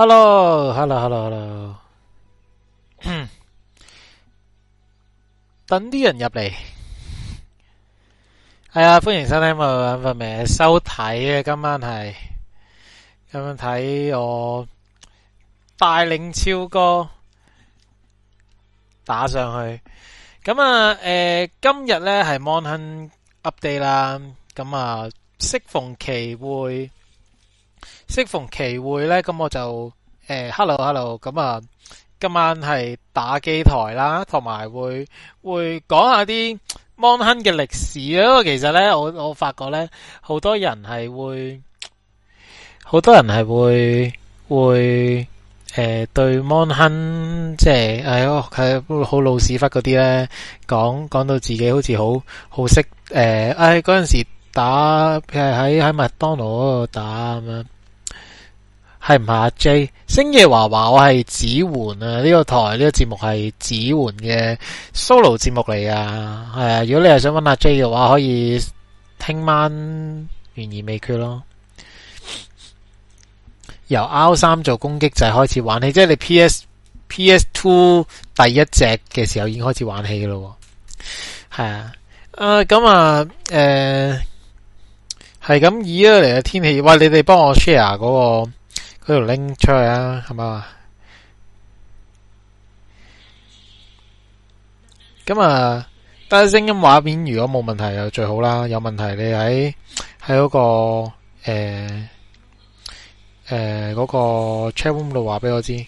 hello hello hello hello，等啲人入嚟，係啊，歡迎新聽眾入面收睇嘅，今晚係咁樣睇我帶領超哥打上去，咁啊，誒，今日咧係 monhun update 啦，咁啊，適逢其會。適逢其會咧，咁我就誒、呃、hello hello，咁啊，今晚係打機台啦，同埋會會講下啲 Monhun 嘅歷史啊。因為其實咧，我我發覺咧，好多人係會，好多人係會會誒、呃、對 Monhun 即係誒，好、哎、老屎忽嗰啲咧，講講到自己好似好好識誒，誒嗰陣時打，譬如喺喺麥當勞嗰度打咁樣。係唔係阿 J 星爺話話我係子桓啊？呢、啊這個台呢、這個節目係子桓嘅 solo 節目嚟啊。係啊，如果你係想搵阿、啊、J 嘅話，可以聽晚懸而未決咯。由 R 三做攻擊鍵開始玩起，即係你 P S P S Two 第一隻嘅時候已經開始玩起噶咯。係啊，啊咁啊，誒係咁以啊嚟嘅天氣，喂，你哋幫我 share 嗰、那個。嗰度拎出去啊，係咪啊？咁啊，但係聲音畫面如果冇問題就最好啦，有問題你喺喺嗰個誒誒嗰個 check room 度話俾我知。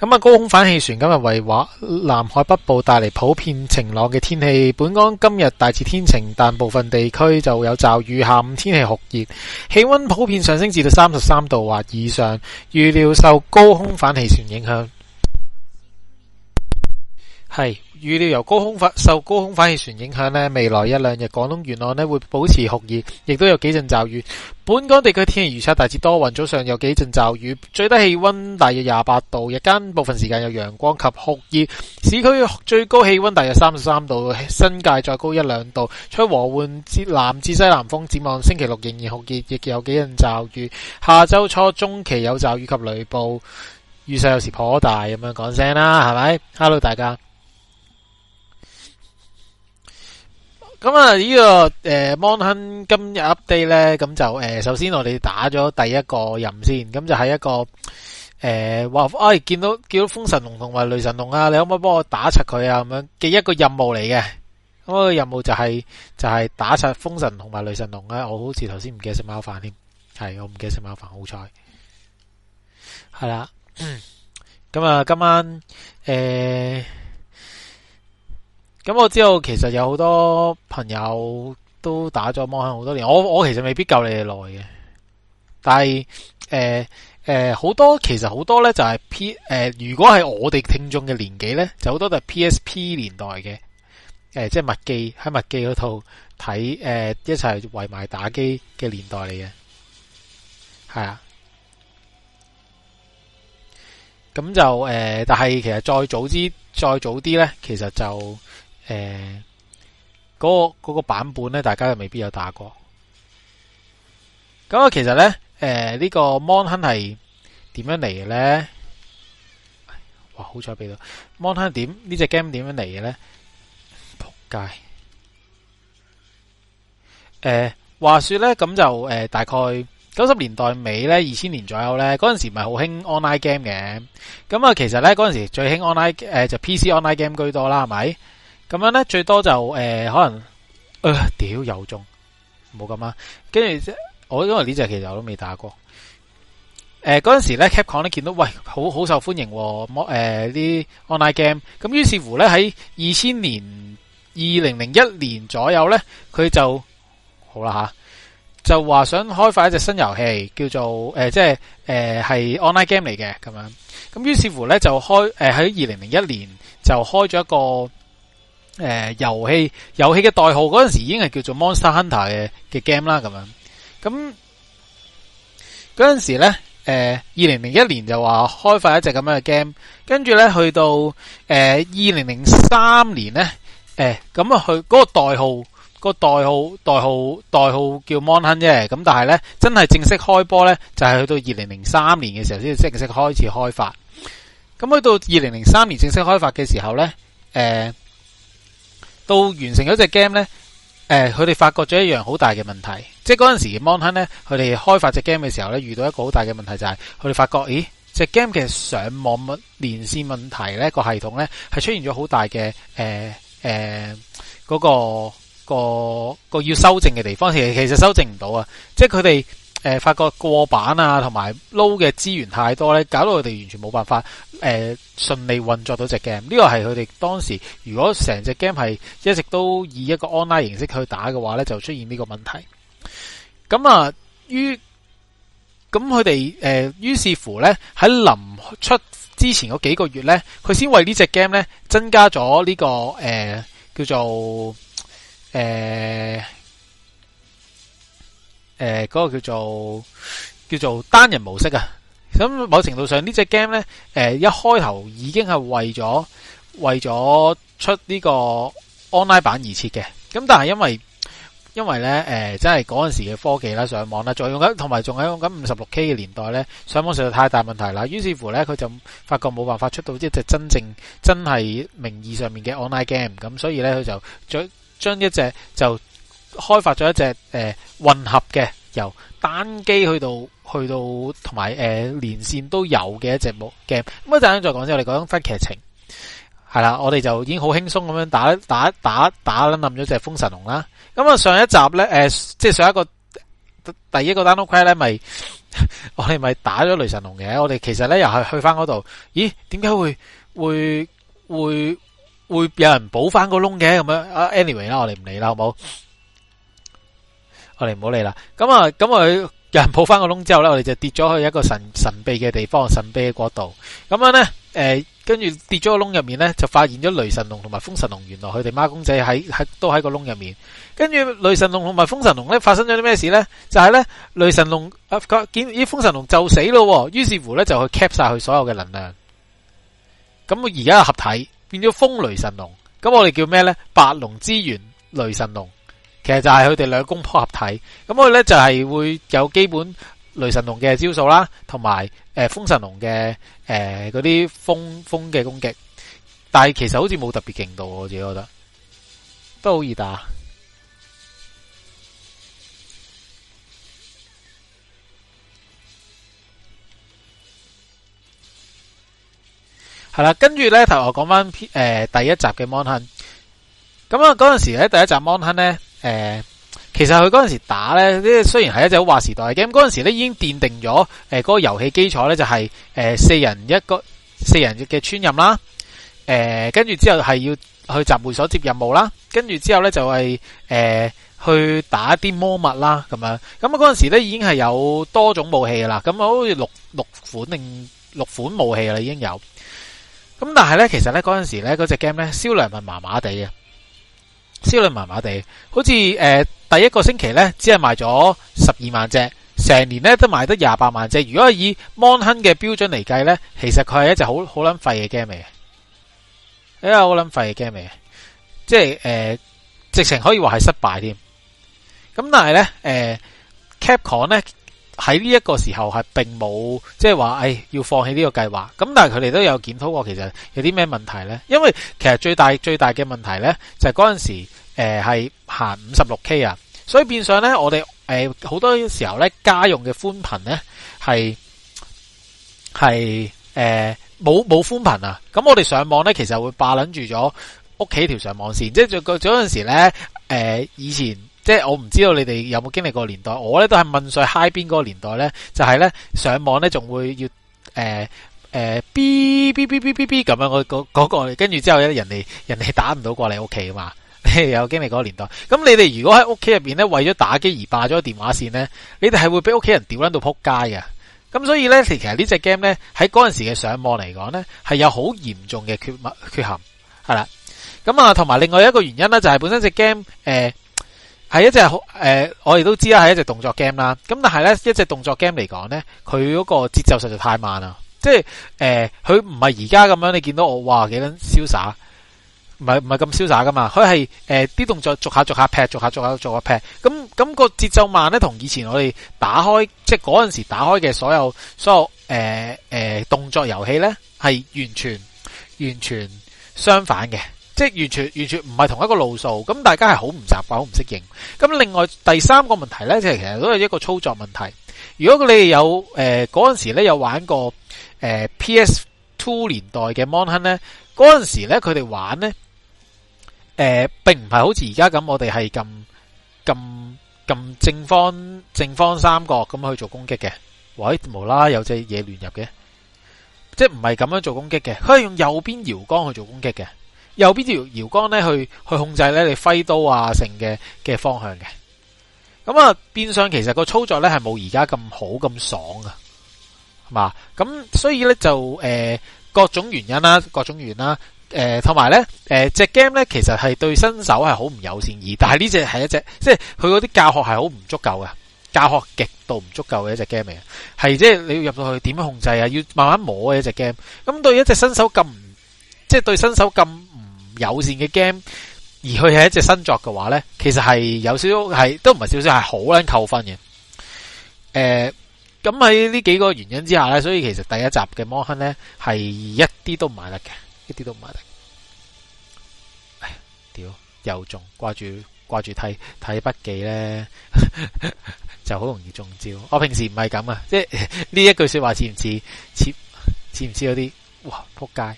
咁啊，高空反氣旋今日為華南海北部帶嚟普遍晴朗嘅天氣。本港今日大致天晴，但部分地區就有驟雨。下午天氣酷熱，氣溫普遍上升至到三十三度或以上。預料受高空反氣旋影響，係。預料由高空受高空反氣旋影響呢，未來一兩日廣東沿岸會保持酷熱，亦都有幾陣驟雨。本港地區天氣預測大致多雲，早上有幾陣驟雨，最低氣温大約廿八度，日間部分時間有陽光及酷熱。市區最高氣温大約三十三度，新界再高一兩度。吹和緩至南至西南風。展望星期六仍然酷熱，亦有幾陣驟雨。下周初中期有驟雨及雷暴，雨勢有時頗大咁樣講聲啦，係咪？Hello，大家。咁、嗯、啊，呢、這個誒、呃、Mon、Hunt、今日 update 咧，咁就誒、呃，首先我哋打咗第一個任先，咁就係一個誒，話、呃，哎，見到見到風神龍同埋雷神龍啊，你可唔可以幫我打拆佢啊？咁樣嘅一個任務嚟嘅，咁、那個任務就係、是、就係、是、打拆風神同埋雷神龍咧、啊。我好似頭先唔記得食貓飯添，係我唔記得食貓飯，好彩，係啦。咁、嗯、啊、嗯嗯嗯，今晚誒。呃咁我知道其實有好多朋友都打咗 monhun 好多年，我我其實未必夠你哋耐嘅，但係誒誒好多其實好多咧，就係 P 誒、呃、如果係我哋聽眾嘅年紀咧，就好多都係 PSP 年代嘅誒、呃、即係麥記喺麥記嗰套睇誒、呃、一齊圍埋打機嘅年代嚟嘅，係啊，咁就誒、呃、但係其實再早啲再早啲咧，其實就。誒、呃，嗰、那個、那個版本咧，大家又未必有打過。咁、呃、啊、這個這個呃呃呃，其實咧，誒呢個 Monhun 係點樣嚟嘅咧？哇，好彩俾到 Monhun 點呢隻 game 點樣嚟嘅咧？仆街！誒，話說咧，咁就誒大概九十年代尾咧，二千年左右咧，嗰陣時唔係好興 online game 嘅。咁啊，其實咧嗰陣時最興 online 誒、呃、就 PC online game 居多啦，係咪？咁樣咧，最多就誒、呃，可能誒，屌有中冇咁啊？跟住即係我，因為呢隻其實我都未打過。誒、呃，嗰陣時咧，Capcom 咧見到喂，好好受歡迎、哦，咁誒啲 online game，咁於是乎咧喺二千年二零零一年左右咧，佢就好啦吓，就話想開發一隻新遊戲，叫做誒、呃、即係誒係 online game 嚟嘅咁樣。咁於是乎咧就開誒喺二零零一年就開咗一個。誒、呃，遊戲遊戲嘅代號嗰陣時已經係叫做 Monster Hunter 嘅嘅 game 啦，咁樣，咁嗰陣時咧，誒、呃，二零零一年就話開發一隻咁樣嘅 game，跟住呢，去到誒二零零三年呢，誒、呃，咁啊去嗰個代號，嗰個代號，代號，代號叫 Monster 啫，咁但係呢，真係正式開波呢，就係、是、去到二零零三年嘅時候先正式開始開發，咁去到二零零三年正式開發嘅時候呢。誒、呃。到完成咗隻 game 咧，誒，佢哋發覺咗一樣好大嘅問題，即係嗰陣時 monhun 咧，佢哋開發隻 game 嘅時候咧，遇到一個好大嘅問題就係，佢哋發覺，咦，隻 game 嘅上網乜連線問題咧，個系統咧係出現咗好大嘅誒誒嗰個、嗰個嗰個要修正嘅地方，其實其實修正唔到啊，即係佢哋。誒、呃，發覺過版啊，同埋撈嘅資源太多呢，搞到佢哋完全冇辦法誒順、呃、利運作到隻 game。呢個係佢哋當時，如果成隻 game 係一直都以一個 online 形式去打嘅話呢，就出現呢個問題。咁啊，於咁佢哋誒，於、呃、是乎呢，喺臨出之前嗰幾個月呢，佢先為呢隻 game 呢增加咗呢、這個誒、呃、叫做誒。呃誒，嗰個叫做叫做單人模式啊，咁某程度上呢隻 game 咧，誒一開頭已經係為咗為咗出呢個 online 版而設嘅，咁但係因為因為咧，誒真係嗰陣時嘅科技啦，上網啦，再用緊，同埋仲係用緊五十六 K 嘅年代咧，上網實在太大問題啦，於是乎咧，佢就發覺冇辦法出到一隻真正真係名義上面嘅 online game，咁所以咧，佢就將將一隻就。開發咗一隻誒、呃、混合嘅，由單機去到去到同埋誒連線都有嘅一隻 game。咁啊，等一陣再講先。我哋講翻劇情係啦，我哋就已經好輕鬆咁樣打打打打冧咗隻風神龍啦。咁、嗯、啊，上一集咧誒、呃，即係上一個第一個單 a queen 咧，咪我哋咪 打咗雷神龍嘅。我哋其實咧又係去翻嗰度，咦？點解會會會會有人補翻個窿嘅咁樣？啊，anyway 啦，我哋唔理啦，好唔好？我哋唔好理啦，咁啊，咁佢有人抱翻個窿之後咧，我哋就跌咗去一個神神秘嘅地方，神秘嘅國度。咁樣咧，誒、呃，跟住跌咗個窿入面咧，就發現咗雷神龍同埋風神龍，原來佢哋孖公仔喺喺都喺個窿入面。跟住雷神龍同埋風神龍咧，發生咗啲咩事咧？就係、是、咧，雷神龍啊，見咦，風神龍就死咯，於是乎咧就去 cap 晒佢所有嘅能量。咁我而家合體變咗風雷神龍，咁我哋叫咩咧？白龍之源雷神龍。其實就係佢哋兩公婆合體，咁佢咧就係會有基本雷神龍嘅招數啦，同埋誒風神龍嘅誒嗰啲風風嘅攻擊，但係其實好似冇特別勁到，我自己覺得都好易打。係啦，跟住咧頭我講翻誒第一集嘅 monhun。Mon 咁啊，嗰陣時咧第一集《Monhun》咧，誒，其實佢嗰陣時打咧，雖雖然係一隻好劃時代嘅 game，嗰陣時咧已經奠定咗，誒，嗰個遊戲基礎咧就係，誒，四人一個四人嘅村任啦，誒，跟住之後係要去集會所接任務啦，跟住之後咧就係、是，誒、呃，去打啲魔物啦，咁樣，咁啊嗰陣時咧已經係有多種武器啦，咁啊好似六六款定六款武器啦，已經有，咁但係咧，其實咧嗰陣時咧嗰隻 game 咧銷量係麻麻地嘅。銷量麻麻地，好似誒、呃、第一個星期咧只係賣咗十二萬隻，成年咧都賣得廿八萬隻。如果以 monhun 嘅標準嚟計咧，其實佢係一隻好好捻廢嘅 game 嚟嘅，因為好捻廢嘅 game 嚟嘅，即係誒、呃、直情可以話係失敗添。咁但係咧誒 Capcom 咧。喺呢一個時候係並冇即係話，誒、哎、要放棄呢個計劃。咁但係佢哋都有檢討過，其實有啲咩問題咧？因為其實最大最大嘅問題咧，就係、是、陣時誒係、呃、行五十六 K 啊，所以變相咧我哋誒好多時候咧家用嘅寬頻咧係係誒冇冇寬頻啊？咁我哋上網咧其實會霸撚住咗屋企條上網線，即係就嗰、是、陣時咧誒、呃、以前。即係我唔知道你哋有冇經歷過個年代，我咧都係問上嗨邊邊嗰個年代咧，就係、是、咧上網咧仲會要誒誒嗶嗶嗶嗶嗶嗶咁樣，我嗰嗰個，個跟住之後咧，人哋人哋打唔到過嚟屋企啊嘛，你有經歷嗰個年代。咁你哋如果喺屋企入邊咧為咗打機而霸咗電話線咧，你哋係會俾屋企人屌撚到扑街嘅。咁所以咧，其實隻呢隻 game 咧喺嗰陣時嘅上網嚟講咧，係有好嚴重嘅缺物缺陷係啦。咁啊，同埋另外一個原因咧就係、是、本身隻 game 誒。呃係一隻好誒，我哋都知啦，係一隻動作 game 啦。咁但係咧，一隻動作 game 嚟講咧，佢嗰個節奏實在太慢啦。即係誒，佢唔係而家咁樣，你見到我哇我幾捻瀟灑，唔係唔係咁瀟灑噶嘛。佢係誒啲動作逐下逐下劈，逐下逐下逐下劈。a 咁咁個節奏慢咧，同以前我哋打開即係嗰陣時打開嘅所有所有誒誒、呃呃、動作遊戲咧，係完全完全相反嘅。即完全完全唔係同一個路數，咁大家係好唔習慣，好唔適應。咁另外第三個問題呢，即係其實都係一個操作問題。如果你有誒嗰陣時呢有玩過、呃、PS2 年代嘅 Monhun 呢，嗰陣時呢佢哋玩呢，誒、呃，並唔係好似而家咁，我哋係咁咁咁正方正方三角咁去做攻擊嘅。喂，無啦有隻嘢亂入嘅，即係唔係咁樣做攻擊嘅，佢係用右邊搖桿去做攻擊嘅。右邊條搖桿咧，去去控制咧，你揮刀啊，剩嘅嘅方向嘅。咁啊，變相其實個操作咧係冇而家咁好咁爽啊，係嘛？咁所以咧就誒各種原因啦，各種原因啦，誒同埋咧，誒隻 game 咧其實係對新手係好唔友善，而但係呢只係一隻即係佢嗰啲教學係好唔足夠嘅，教學極度唔足夠嘅一隻 game 嚟嘅，係即係你要入到去點樣控制啊，要慢慢摸嘅一隻 game。咁對一隻新手咁，即係對新手咁。有線嘅 game，而佢係一隻新作嘅話咧，其實係有少少係都唔係少少係好撚扣分嘅。誒、呃，咁喺呢幾個原因之下咧，所以其實第一集嘅摩亨咧係一啲都唔係得嘅，一啲都唔係得。屌又中，掛住掛住睇睇筆記咧， 就好容易中招。我平時唔係咁啊，即係呢一句說話似唔似似似唔似嗰啲哇扑街？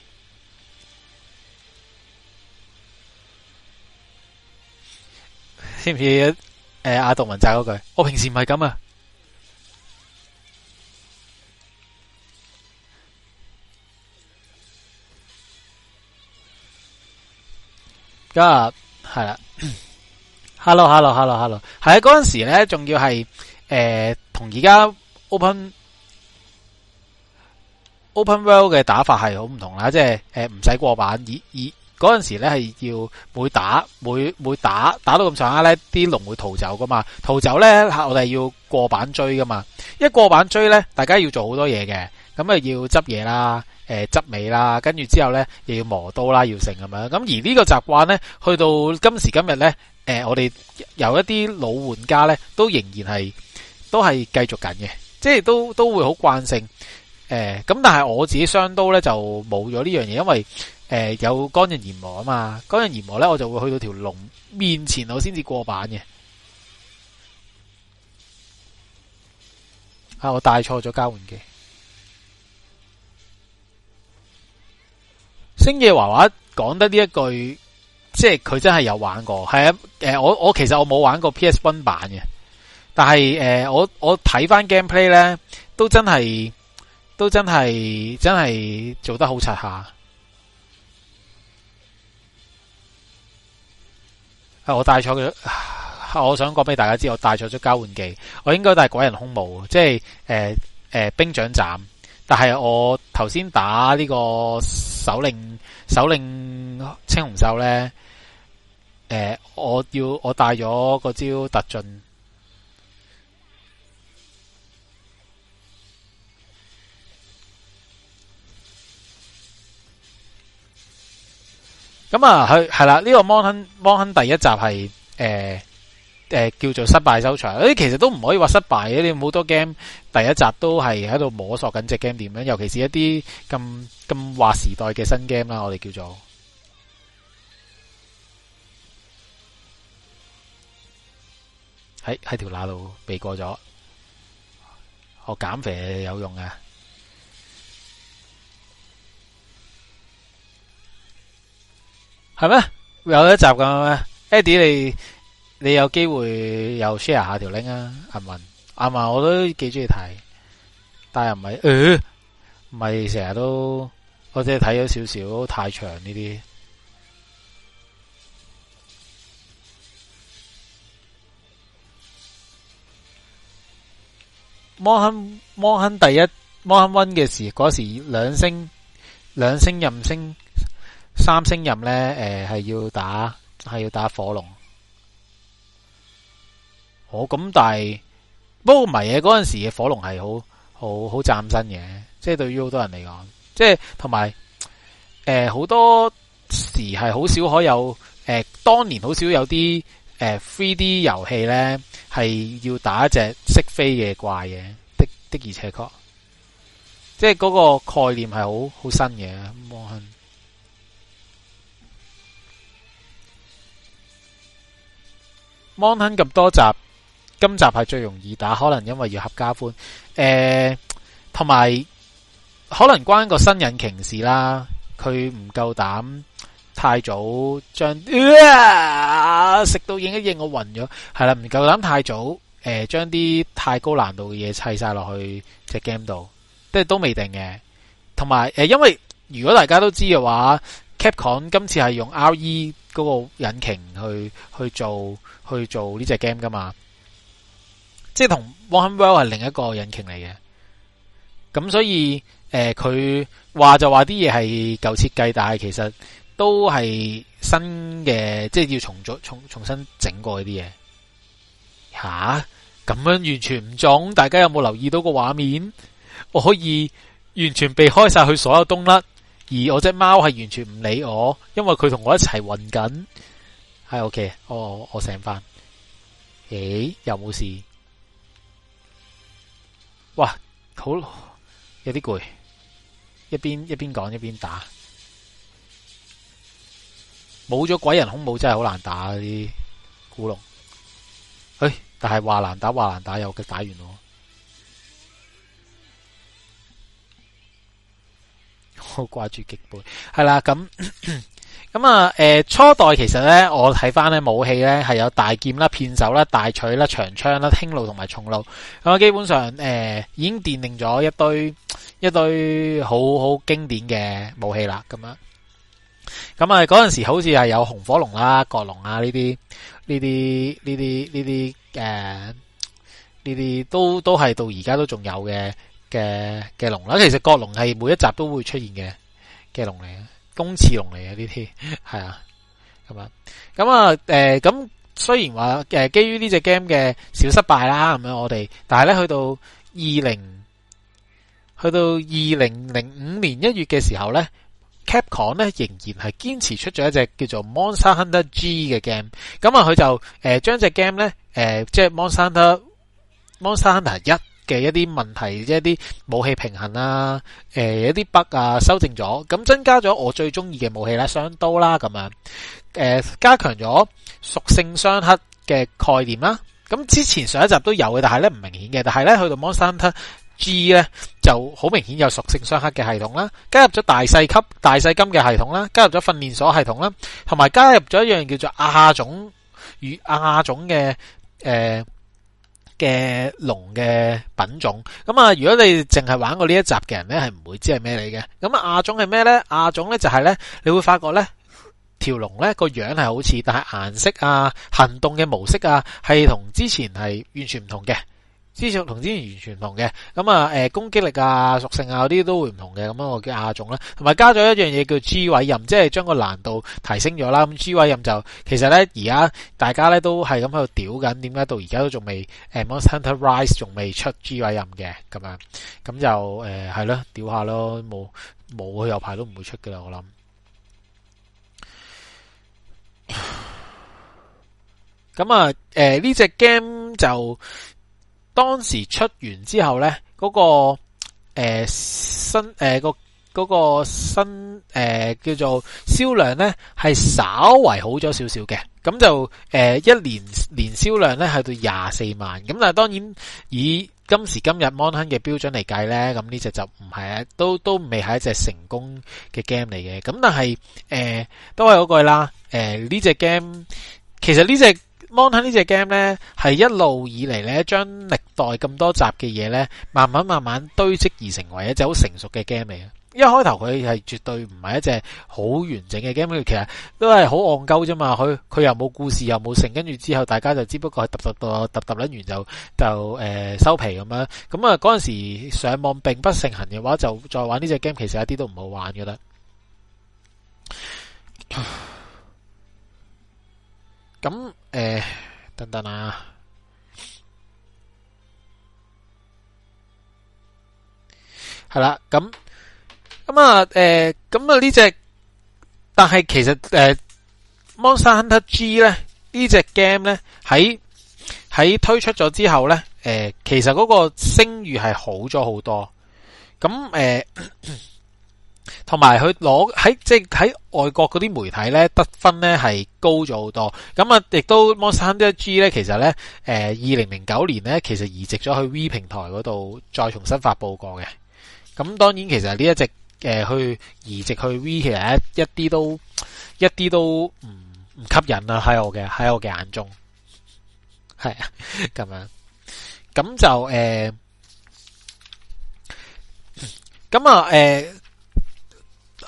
似唔似？誒、呃，阿杜汶澤嗰句，我平時唔係咁啊。咁啊，係啦。Hello，hello，hello，hello。係啊，嗰陣時咧仲要係誒，同而家 open open world 嘅打法係好唔同啦，即係誒唔使過板，以以。嗰陣時咧係要每打每每打打到咁上下咧，啲龍會逃走噶嘛？逃走咧吓，我哋要過板追噶嘛？一過板追咧，大家要做好多嘢嘅，咁啊要執嘢啦，誒、呃、執尾啦，跟住之後咧又要磨刀啦，要成咁樣。咁而個習慣呢個習慣咧，去到今時今日咧，誒、呃、我哋有一啲老玩家咧，都仍然係都係繼續緊嘅，即係都都會好慣性。誒、呃，咁但係我自己雙刀咧就冇咗呢樣嘢，因為。誒、呃，有剛刃研磨啊嘛，剛刃研磨咧，我就會去到條龍面前，我先至過版嘅。啊，我帶錯咗交換機。星夜娃娃講得呢一句，即係佢真係有玩過，係啊。誒、呃，我我其實我冇玩過 PS one 版嘅，但係誒、呃，我我睇翻 gameplay 咧，都真係，都真係，真係做得好柒下。我帶錯咗，我想講俾大家知，我帶錯咗交換技，我應該帶鬼人空舞，即係誒誒兵長斬，但係我頭先打呢個首領首領青紅獸呢，誒、呃，我要我帶咗個招突進。咁、嗯、啊，佢係啦，呢、呢個 monhun 第一集係誒誒叫做失敗收場，啲其實都唔可以話失敗嘅，你好多 game 第一集都係喺度摸索緊隻 game 點樣，尤其是一啲咁咁劃時代嘅新 game 啦，我哋叫做喺喺、哎、條罅度避過咗，我減肥有用嘅。係咩？有一集噶咩？Eddie，你你有機會又 share 下條 link 啊？阿文阿媽，我都幾中意睇，但係唔係，唔係成日都，我者睇咗少少，太長呢啲。摩 亨摩亨第一摩亨温嘅時候，嗰時兩星，兩星任星。三星任咧，誒、呃、係要打係要打火龍。哦，咁但係不過唔係嘅嗰陣時嘅火龍係好好好嶄新嘅，即係對於好多人嚟講，即係同埋誒好多時係好少可有誒、呃。當年好少有啲誒 three D 遊戲咧係要打一隻識飛嘅怪嘅的的而且確，即係嗰個概念係好好新嘅。Monhun 咁多集，今集係最容易打，可能因為要合家歡。誒、呃，同埋可能關個新引擎事啦，佢唔夠膽太早將食、呃、到影一影我暈咗，係啦，唔夠膽太早。誒、呃，將啲太高難度嘅嘢砌晒落去隻 game 度，即係都未定嘅。同埋誒，因為如果大家都知嘅話。Capcom 今次係用 RE 嗰個引擎去去做去做呢隻 game 噶嘛，即係同 One World 係另一個引擎嚟嘅，咁所以誒佢、呃、話就話啲嘢係舊設計，但係其實都係新嘅，即係要重做重重新整過啲嘢。吓、啊、咁樣完全唔中，大家有冇留意到個畫面？我可以完全避開晒佢所有東甩。而我隻貓係完全唔理我，因為佢同我一齊混緊。係 O K，我我,我醒翻。誒、欸，又冇事。哇，好有啲攰，一邊一邊講一邊打。冇咗鬼人空舞真係好難打嗰啲古龍。誒、欸，但係話難打話難打又嘅打完好掛住極背，係啦，咁咁啊，誒、呃、初代其實呢，我睇翻呢武器呢，係有大劍啦、片手啦、大錘啦、長槍啦、輕弩同埋重弩咁啊，基本上誒、呃、已經奠定咗一堆一堆好好經典嘅武器啦，咁樣咁啊嗰陣、啊、時好似係有紅火龍啦、啊、角龍啊呢啲呢啲呢啲呢啲誒呢啲都都係到而家都仲有嘅。嘅嘅龍啦，其實角龍係每一集都會出現嘅嘅龍嚟嘅，公刺龍嚟嘅呢啲係啊，咁啊，咁、呃、啊，誒，咁雖然話誒基於呢隻 game 嘅小失敗啦，咁樣我哋，但係咧去到二零，去到二零零五年一月嘅時候咧，Capcom 咧仍然係堅持出咗一隻叫做 Monster Hunter G 嘅 game，咁啊佢就誒將隻 game 咧誒即係 Monster Hunter, Monster Hunter 一。嘅一啲問題，即啲武器平衡啦、啊呃，一啲 bug 啊修正咗，咁增加咗我最中意嘅武器啦，雙刀啦咁樣、呃，加強咗屬性相克嘅概念啦。咁之前上一集都有嘅，但係咧唔明顯嘅，但係咧去到 Monster G 咧就好明顯有屬性相克嘅系統啦。加入咗大細級、大細金嘅系統啦，加入咗訓練所系統啦，同埋加入咗一樣叫做亞種與亞種嘅，呃嘅龍嘅品種咁啊，如果你淨係玩過呢一集嘅人呢，係唔會知係咩嚟嘅。咁啊，亞種係咩呢？亞種呢，就係呢，你會發覺呢條龍呢個樣係好似，但係顏色啊、行動嘅模式啊，係同之前係完全唔同嘅。之前同之前完全唔同嘅，咁啊，誒，攻擊力啊，屬性啊，嗰啲都會唔同嘅，咁啊，我叫亞種啦，同埋加咗一樣嘢叫 G 位任，即係將個難度提升咗啦。咁 G 位任就其實咧，而家大家咧都係咁喺度屌緊，點解到而家都仲未誒，Monster Hunter Rise 仲未出 G 位任嘅咁啊？咁就誒係咯，屌下咯，冇冇佢有排都唔會出噶啦，我諗。咁啊，誒呢隻 game 就。當時出完之後咧，嗰個誒新誒個嗰個新誒叫做銷量咧，係稍為好咗少少嘅。咁就誒一年年銷量咧去到廿四萬。咁但係當然以今時今日 Monhun 嘅標準嚟計咧，咁呢隻就唔係啊，都都未係一隻成功嘅 game 嚟嘅。咁但係誒都係嗰句啦。誒呢隻 game 其實呢隻。Mon 呢隻 game 呢，係一路以嚟呢，將歷代咁多集嘅嘢呢，慢慢慢慢堆積而成為一隻好成熟嘅 game 嚟嘅。一開頭佢係絕對唔係一隻好完整嘅 game，佢其實都係好戇鳩啫嘛。佢佢又冇故事，又冇性，跟住之後大家就只不過揼揼揼揼揼撚完就就誒、呃、收皮咁樣。咁啊嗰陣時上網并不盛行嘅話，就再玩呢隻 game 其實一啲都唔好玩嘅啦。咁。那誒、呃，等等啊，係啦，咁咁啊，誒、呃，咁啊呢隻，但係其實誒、呃、，Monster Hunter G 咧呢隻 game 咧喺喺推出咗之後咧，誒、呃，其實嗰個聲譽係好咗好多，咁誒、啊。呃咳咳同埋佢攞喺即係喺外國嗰啲媒體咧得分咧係高咗好多，咁啊亦都 Monster G 咧其實咧誒二零零九年咧其實移植咗去 V 平台嗰度再重新發佈過嘅，咁當然其實呢一隻誒去移植去 V 其實一啲都一啲都唔唔吸引啊，喺我嘅喺我嘅眼中係啊咁樣，咁就誒咁、呃嗯、啊誒。呃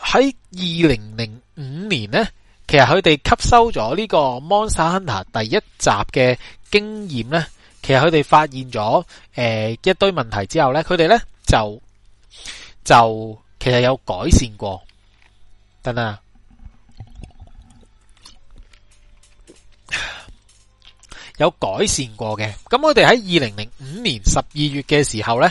喺二零零五年呢，其實佢哋吸收咗呢個 Monster Hunter 第一集嘅經驗呢。其實佢哋發現咗誒、呃、一堆問題之後他們呢，佢哋呢就就其實有改善過，等等，有改善過嘅。咁佢哋喺二零零五年十二月嘅時候呢。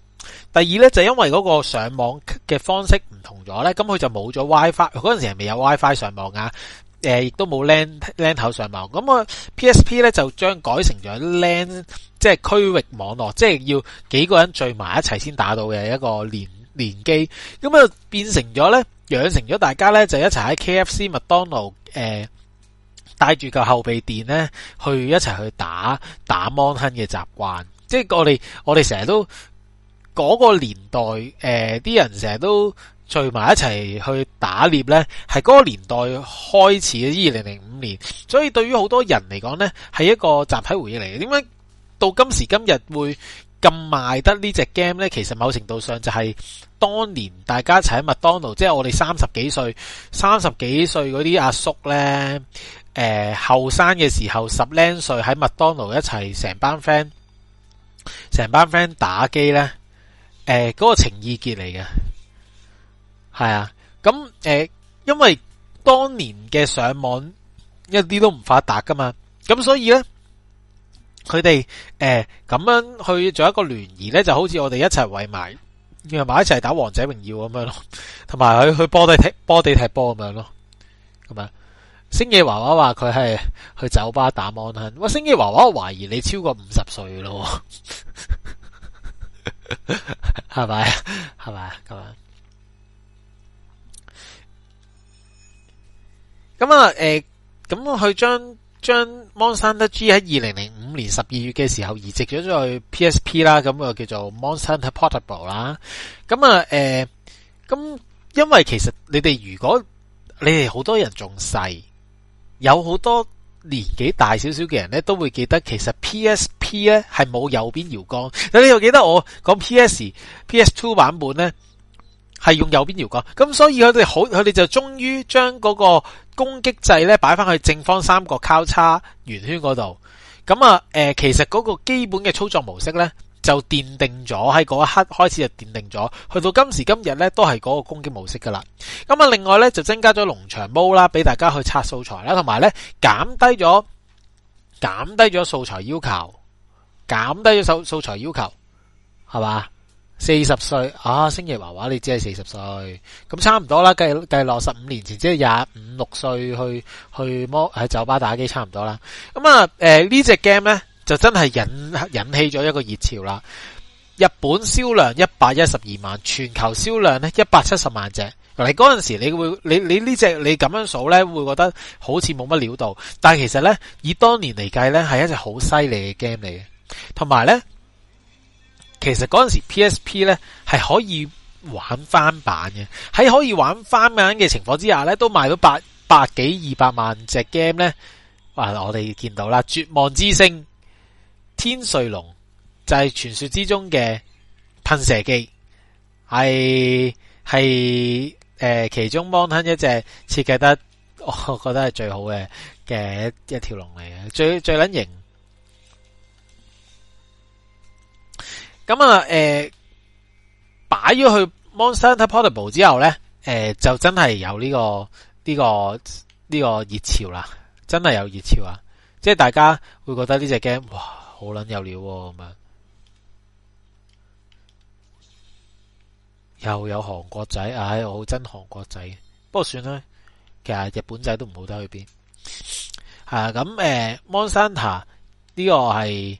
第二咧就因為嗰個上網嘅方式唔同咗咧，咁佢就冇咗 WiFi，嗰陣時係未有 WiFi 上網啊。誒，亦都冇 LAN LAN 頭上網。咁啊，PSP 咧就將改成咗 LAN，即係區域網絡，即係要幾個人聚埋一齊先打到嘅一個聯聯機。咁啊，那就變成咗咧，養成咗大家咧就一齊喺 KFC、麥當勞誒，帶住個後備電咧去一齊去打打 Monhun 嘅習慣。即係我哋我哋成日都。嗰、那個年代，誒、呃、啲人成日都聚埋一齊去打獵呢，係嗰個年代開始嘅，二零零五年，所以對於好多人嚟講呢，係一個集體回憶嚟嘅。點解到今時今日會咁賣得呢隻 game 呢？其實某程度上就係當年大家一齊喺麥當勞，即、就、係、是、我哋三十幾歲、三十幾歲嗰啲阿叔呢，誒後生嘅時候十零歲喺麥當勞一齊成班 friend，成班 friend 打機呢。誒、呃，嗰、那個情意結嚟嘅，係啊，咁誒、呃，因為當年嘅上網一啲都唔發達噶嘛，咁所以咧，佢哋誒咁樣去做一個聯誼咧，就好似我哋一齊圍埋，約埋一齊打王者榮耀咁樣咯，同埋去去波地踢波地踢波咁樣咯，係啊，星野娃娃話佢係去酒吧打 monhun，呃、星野娃娃我懷疑你超過五十歲咯。 係 咪？係咪咁樣？咁啊，誒、呃，咁佢將將 Monster Hunter G 喺二零零五年十二月嘅時候移植咗咗去 PSP 啦，咁啊叫做 Monster Hunter Portable 啦。咁啊，誒、呃，咁因為其實你哋如果你哋好多人仲細，有好多。年紀大少少嘅人咧，都會記得其實 PSP 咧係冇右邊搖杆。但你又記得我講 PS、PS2 版本咧係用右邊搖杆。咁所以佢哋好，佢哋就終於將嗰個攻擊掣咧擺翻去正方三角交叉圓圈嗰度。咁啊，誒、呃，其實嗰個基本嘅操作模式咧。就奠定咗喺嗰一刻開始就奠定咗，去到今時今日呢都係嗰個攻擊模式噶啦。咁啊，另外呢就增加咗農場模啦，俾大家去刷素材啦，同埋呢減低咗減低咗素材要求，減低咗素材要求，係嘛？四十歲啊，星爺華華你只係四十歲，咁差唔多啦。計計落十五年前即係廿五六歲去去摸喺酒吧打機差唔多啦。咁啊，誒呢隻 game 呢。就真係引引起咗一個熱潮啦！日本銷量一百一十二萬，全球銷量咧一百七十萬隻。你嗰陣時，你會你你呢只你咁樣數咧，會覺得好似冇乜料到，但係其實咧，以當年嚟計咧，係一隻好犀利嘅 game 嚟嘅。同埋咧，其實嗰陣時 PSP 咧係可以玩翻版嘅，喺可以玩翻版嘅情況之下咧，都賣到百百幾二百萬隻 game 咧。哇！我哋見到啦，《絕望之星》。千歲龍就係、是、傳說之中嘅噴射機，係係誒，其中 monhun 一隻設計得我覺得係最好嘅嘅一條龍嚟嘅，最最捻型。咁啊，誒擺咗去 monster hunter portable 之後咧，誒、呃、就真係有呢、呢個呢、呢個呢、呢個熱潮啦，真係有熱潮啊！即係大家會覺得呢隻 game 好撚有料喎咁樣，又有韓國仔，唉、哎，我好憎韓國仔，不過算啦。其實日本仔都唔好得去邊。咁 Mon Santa 呢個係、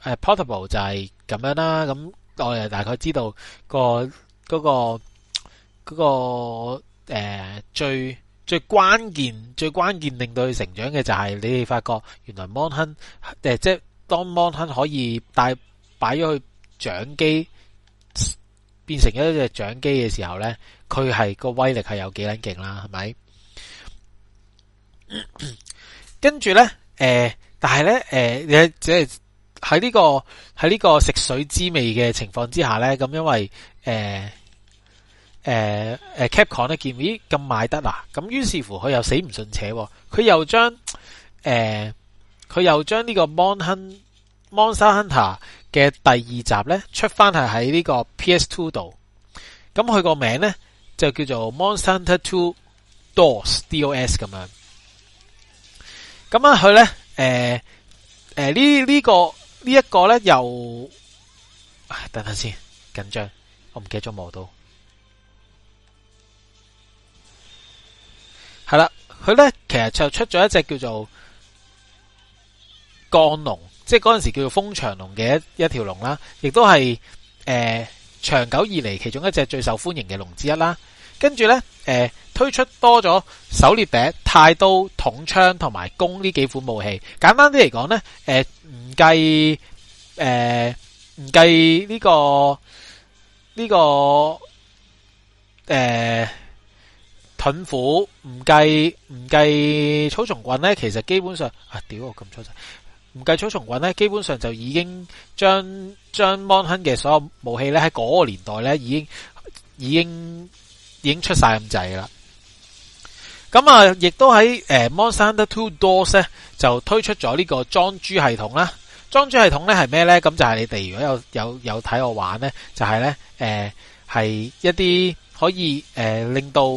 啊、portable 就係咁樣啦，啊。咁我大概知道、嗰個、嗰個、嗰個、呃、最最關鍵、最關鍵令到佢成長嘅就係你哋發覺原來 Mon 亨誒即，就是當 Monhun 可以帶擺咗去掌機，變成一隻掌機嘅時候咧，佢係個威力係有幾捻勁啦，係咪、嗯嗯？跟住咧，誒、呃，但係咧，誒、呃，你即係喺呢個喺呢個食水滋味嘅情況之下咧，咁因為誒誒誒，Capcom 都見咦咁買得啦，咁於是乎佢又死唔信邪，佢又將誒。呃佢又將呢個 Monster Hunter 嘅第二集咧，出翻係喺呢個 P S Two 度，咁佢個名咧就叫做 Monster Hunter 2 w o Dos D O S 咁樣。咁啊佢咧誒誒呢呢、呃呃這個這個呢一個咧又、啊，等等先緊張，我唔記得咗磨刀。係啦，佢咧其實就出咗一隻叫做。鋼龍，即係嗰陣時叫做風長龍嘅一一條龍啦，亦都係誒、呃、長久以嚟其中一隻最受歡迎嘅龍之一啦。跟住呢，誒、呃、推出多咗狩獵笛、太刀、銃槍同埋弓呢幾款武器。簡單啲嚟講呢，誒唔計誒唔計呢個呢、這個誒、呃、盾斧，唔計唔計操蟲棍呢，其實基本上啊，屌我咁粗唔計超重運咧，基本上就已經將將 Monhun 嘅所有武器咧，喺嗰個年代咧，已經已經已經出晒咁滯啦。咁啊，亦都喺誒 Monhun Two Doors 咧，就推出咗呢個裝珠系統啦。裝珠系統咧係咩咧？咁就係你哋如果有有有睇我玩咧，就係咧誒係一啲可以誒、呃、令到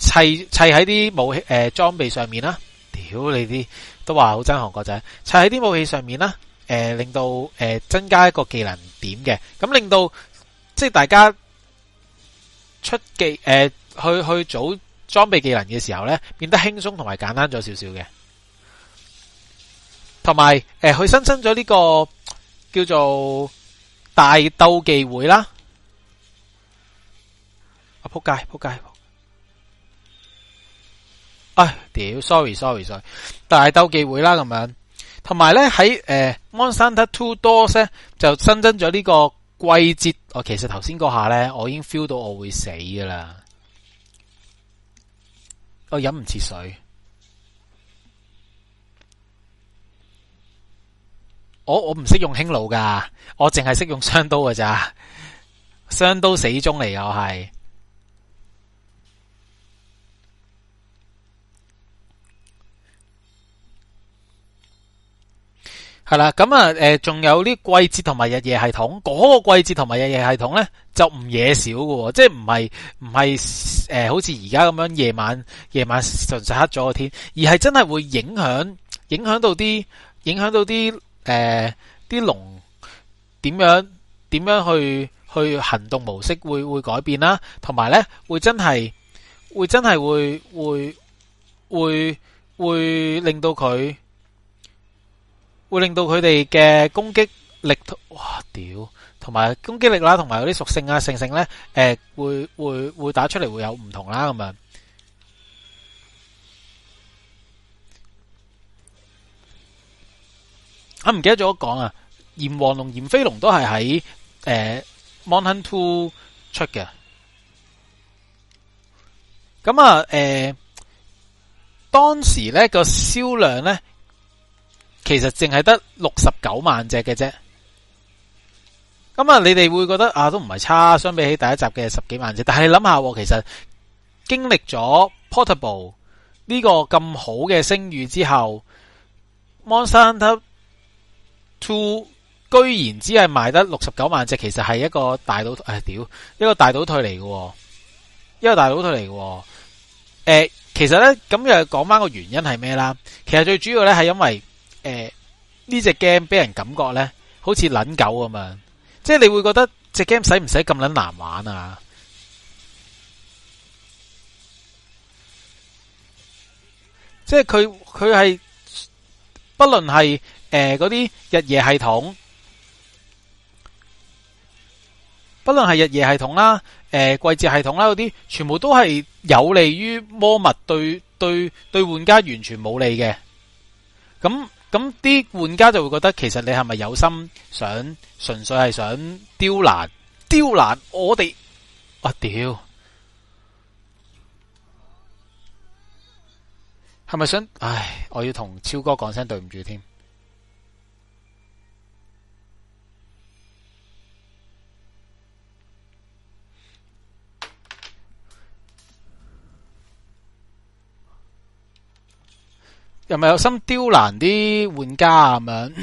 砌砌喺啲武器誒、呃、裝備上面啦。屌你啲都話好憎韓國仔，砌喺啲武器上面啦，誒令到誒增加一個技能點嘅，咁令到即係大家出技誒去去組裝備技能嘅時候咧，變得輕鬆同埋簡單咗少少嘅，同埋誒佢新增咗呢個叫做大鬥技會啦，啊撲街撲街！唉，屌，sorry，sorry，sorry，大鬥忌會啦咁樣，同埋咧喺誒、呃、，Monster Hunter Two Dos 咧就新增咗呢個季節。我其實頭先嗰下咧，我已經 feel 到我會死噶啦，我飲唔切水我，我我唔識用輕弩噶，我淨係識用雙刀噶咋，雙刀死中嚟又係。係啦，咁、嗯、啊，誒，仲有啲季節同埋日夜系統，嗰、嗰個季節同埋日夜系統呢就唔夜少嘅，即係唔係唔係誒，好似而家咁樣夜晚夜晚純粹黑咗個天，而係真係會影響影響到啲影響到啲誒啲龍點樣點樣去去行動模式會會改變啦、啊，同埋呢會真係會真係會會會會會令到佢。會令到佢哋嘅攻擊力哇屌，同埋攻擊力啦，同埋嗰啲屬性啊、屬性咧，誒，會會會打出嚟會有唔同啦，咁樣啊！我唔記得咗講啊，炎王龍、炎妃龍都係喺誒《Monhun 2》出嘅。咁啊，誒，當時咧個銷量咧。其實淨係得六十九萬隻嘅啫，咁啊，你哋會覺得啊，都唔係差，相比起第一集嘅十幾萬隻。但係你諗下，其實經歷咗 Portable 呢個咁好嘅聲譽之後 Monster Two 居然只係賣得六十九萬隻，其實係一個大倒誒、哎，屌一個大倒退嚟嘅，一個大倒退嚟嘅。誒、呃，其實咧咁又講翻個原因係咩啦？其實最主要咧係因為。誒、呃，呢隻 game 俾人感覺咧，好似撚狗咁樣，即係你會覺得隻 game 使唔使咁撚難玩啊？即係佢佢係不論係誒嗰啲日夜系統，不論係日夜系統啦，誒、呃、季節系統啦嗰啲，全部都係有利於魔物對對對玩家完全冇利嘅，咁。咁啲玩家就會覺得，其實你係咪有心想，純粹係想刁難刁難我哋？啊屌，係咪想？唉，我要同超哥講聲對唔住添。又咪有心刁難啲玩家咁樣，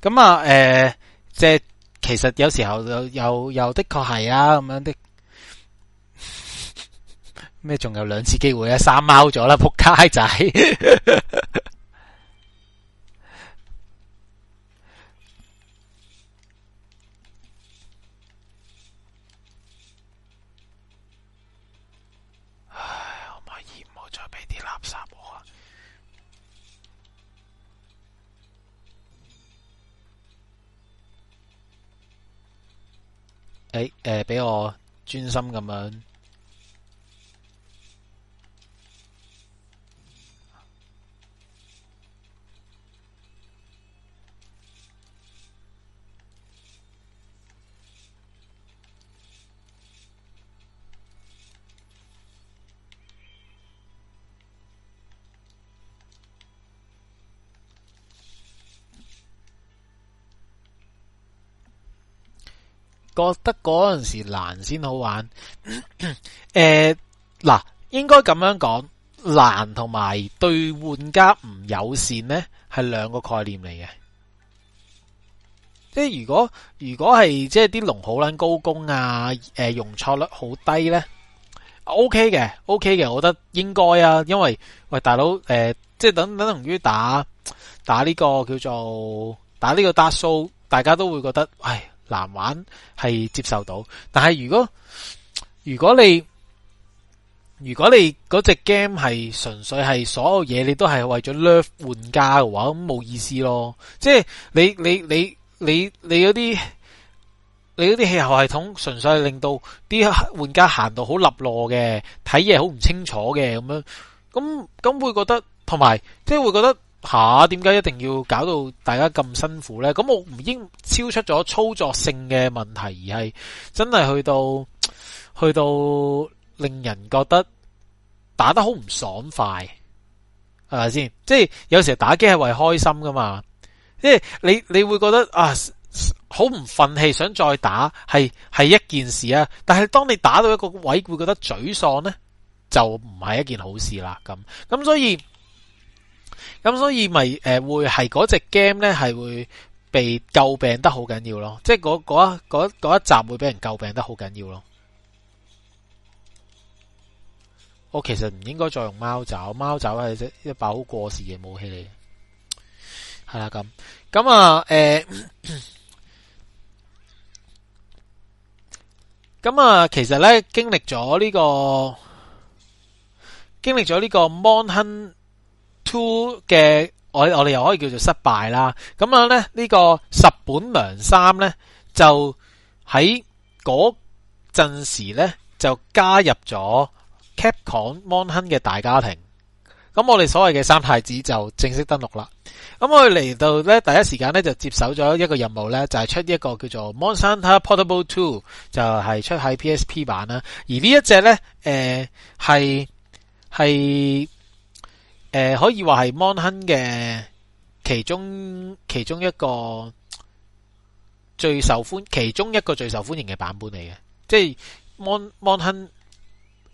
咁啊，誒、 啊呃，即係其實有時候就又又又的確係啊，咁樣的咩仲有兩次機會啊，三貓咗啦，仆街仔。 誒誒，俾我專心咁樣覺得嗰陣時難先好玩，誒，嗱、呃，應該咁樣講，難同埋對玩家唔友善呢係兩個概念嚟嘅。即係如果如果係即係啲龍好撚高攻啊，誒、呃，容錯率好低呢 OK 嘅，OK 嘅、okay，我覺得應該啊，因為喂大佬，誒、呃，即係等等同於打打呢個叫做打呢個達數，大家都會覺得，唉。難玩係接受到，但係如果如果你如果你隻 game 係純粹係所有嘢，你都係為咗 nerf 玩家嘅話，咁冇意思咯。即係你你你你你嗰啲你嗰啲氣候系統純粹係令到啲玩家行到好立落嘅，睇嘢好唔清楚嘅咁樣，咁咁會覺得同埋即係會覺得。吓、啊？點解一定要搞到大家咁辛苦呢？咁我唔應超出咗操作性嘅問題，而係真係去到去到令人覺得打得好唔爽快，係咪先？即係有時候打機係為開心噶嘛？即係你你會覺得啊，好唔憤氣，想再打係係一件事啊。但係當你打到一個位，會覺得沮喪呢，就唔係一件好事啦。咁咁所以。咁所以咪誒、呃、會係嗰隻 game 咧係會被詬病得好緊要咯，即係嗰一一,一集會俾人詬病得好緊要咯。我其實唔應該再用貓爪，貓爪係一一把好過時嘅武器嚟嘅。係啦，咁咁啊，誒，咁啊、呃，其實咧經歷咗呢個經歷咗呢個 monhun。嘅我我哋又可以叫做失敗啦，咁樣咧呢、這個十本良三咧就喺嗰陣時咧就加入咗 Capcom Monhan 嘅大家庭，咁我哋所謂嘅三太子就正式登陸啦。咁我哋嚟到咧第一時間咧就接手咗一個任務咧，就係、是、出一個叫做 Monsta Portable Two，就係出喺 PSP 版啦。而一隻呢一隻咧誒係係。呃誒、呃，可以話係 Monhun 嘅其中其中一個最受歡，其中一個最受歡迎嘅版本嚟嘅。即係 Mon Mon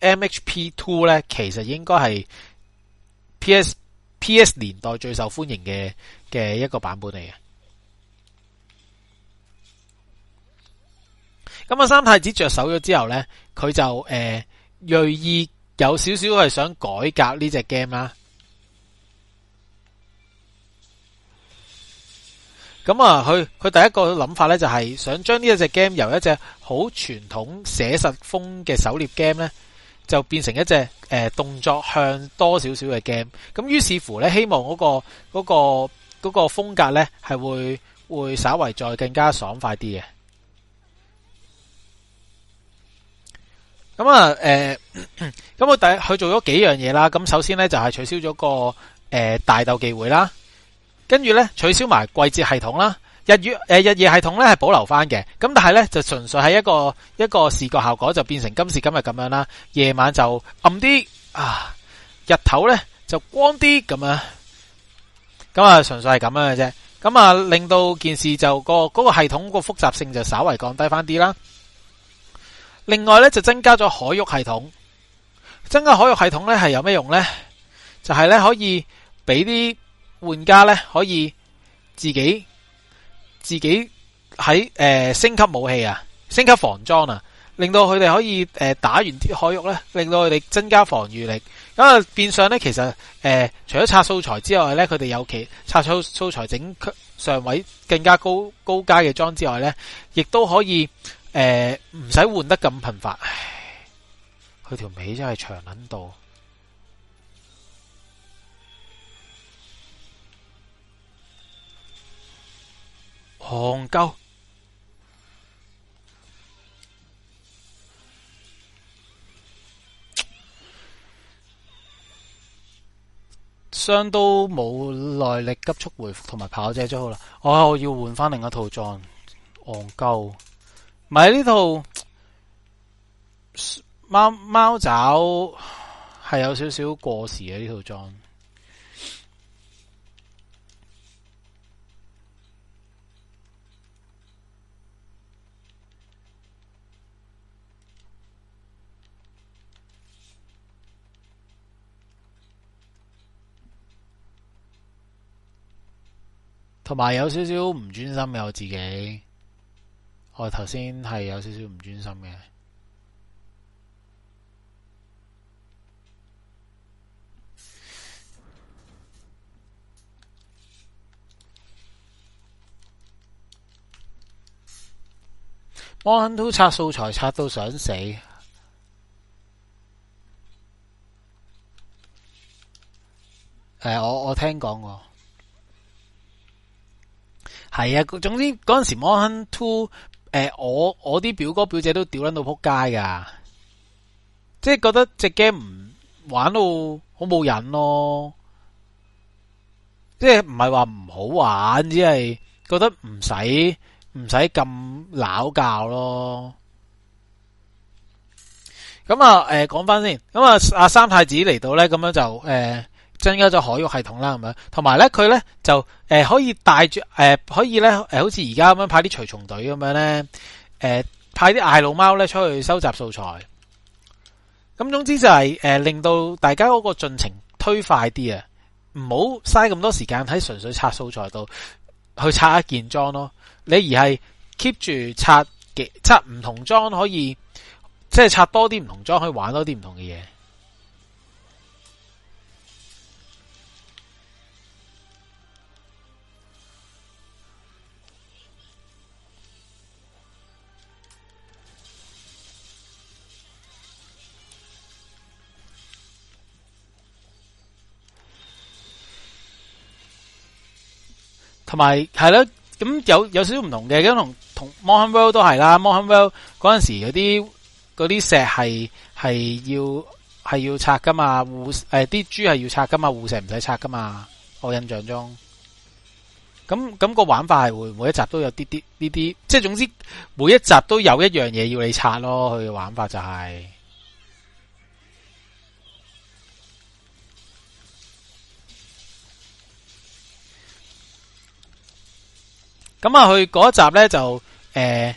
MHP Two 咧，其實應該係 PSP PSP 年代最受歡迎嘅嘅一個版本嚟嘅。咁啊，三太子着手咗之後咧，佢就誒銳意有點少少係想改革呢隻 game 啦。咁啊，佢佢第一個諗法呢就係想將呢一隻 game 由一隻好傳統寫實風嘅狩獵 game 呢，就變成一隻誒、呃、動作向多少少嘅 game。咁於是乎呢，希望嗰、嗰個嗰、嗰個嗰、嗰個風格呢係會會稍為再更加爽快啲嘅。咁啊，誒、呃，咁我第佢做咗幾樣嘢啦。咁首先呢，就係取消咗個誒、呃、大鬥技會啦。跟住咧，取消埋季節系統啦，日月、誒日夜系統咧係保留翻嘅，咁但係咧，就純粹係一個一個視覺效果就變成今時今日咁樣啦，夜晚就暗啲啊，日頭咧就光啲咁樣，咁啊純粹係咁樣嘅啫，咁啊令到件事就個嗰個系統個複雜性就稍微降低翻啲啦。另外咧就增加咗海域系統，增加海域系統咧係有咩用咧？就係咧可以俾啲。玩家咧可以自己自己喺誒、呃、升級武器啊，升級防裝啊，令到佢哋可以誒、呃、打完鐵海玉咧，令到佢哋增加防御力。咁啊變相咧，其實誒、呃、除咗拆素材之外咧，佢哋尤其拆粗素材整上位更加高高階嘅裝之外咧，亦都可以誒唔使換得咁頻繁。佢條尾真係長撚到。憨鳩，傷都冇耐力，急速回復同埋跑者就好啦、哦。我要換翻另一套裝，憨鳩。唔係呢套貓貓爪係有少少過時嘅呢套裝。同埋有少少唔專心嘅我自己，我頭先係有少少唔專心嘅。我喺度刷素材，刷到想死。誒、欸，我我聽講過。係啊，總之嗰陣時《Monhun Two》誒、呃，我我啲表哥表姐都屌捻到仆街噶即係覺得隻 game 唔玩到好冇癮咯，即係唔係話唔好玩，只係覺得唔使唔使咁鬧教咯。咁啊，誒、呃，講翻先，咁啊，阿三太子嚟到咧，咁樣就誒。呃增加咗海域系統啦，係咪？同埋咧，佢咧就誒、呃、可以帶住誒可以咧誒，好似而家咁樣派啲隨從隊咁樣咧，誒、呃、派啲艾露貓咧出去收集素材。咁、嗯、總之就係、是、誒、呃、令到大家嗰個進程推快啲啊，唔好嘥咁多時間喺純粹拆素材度去拆一件裝咯。你而係 keep 住拆嘅拆唔同裝，可以即係、就是、拆多啲唔同裝，可以玩多啲唔同嘅嘢。同埋係啦，咁有有少少唔同嘅，咁同同《Monhun World 都係啦，《Monhun World 嗰陣時嗰啲啲石係係要係要拆噶嘛，護誒啲豬係要拆噶嘛，護石唔使拆噶嘛，我印象中。咁咁個玩法係每每一集都有啲啲呢啲，即係總之每一集都有一樣嘢要你拆咯，佢嘅玩法就係、是。咁啊，佢嗰一集呢就誒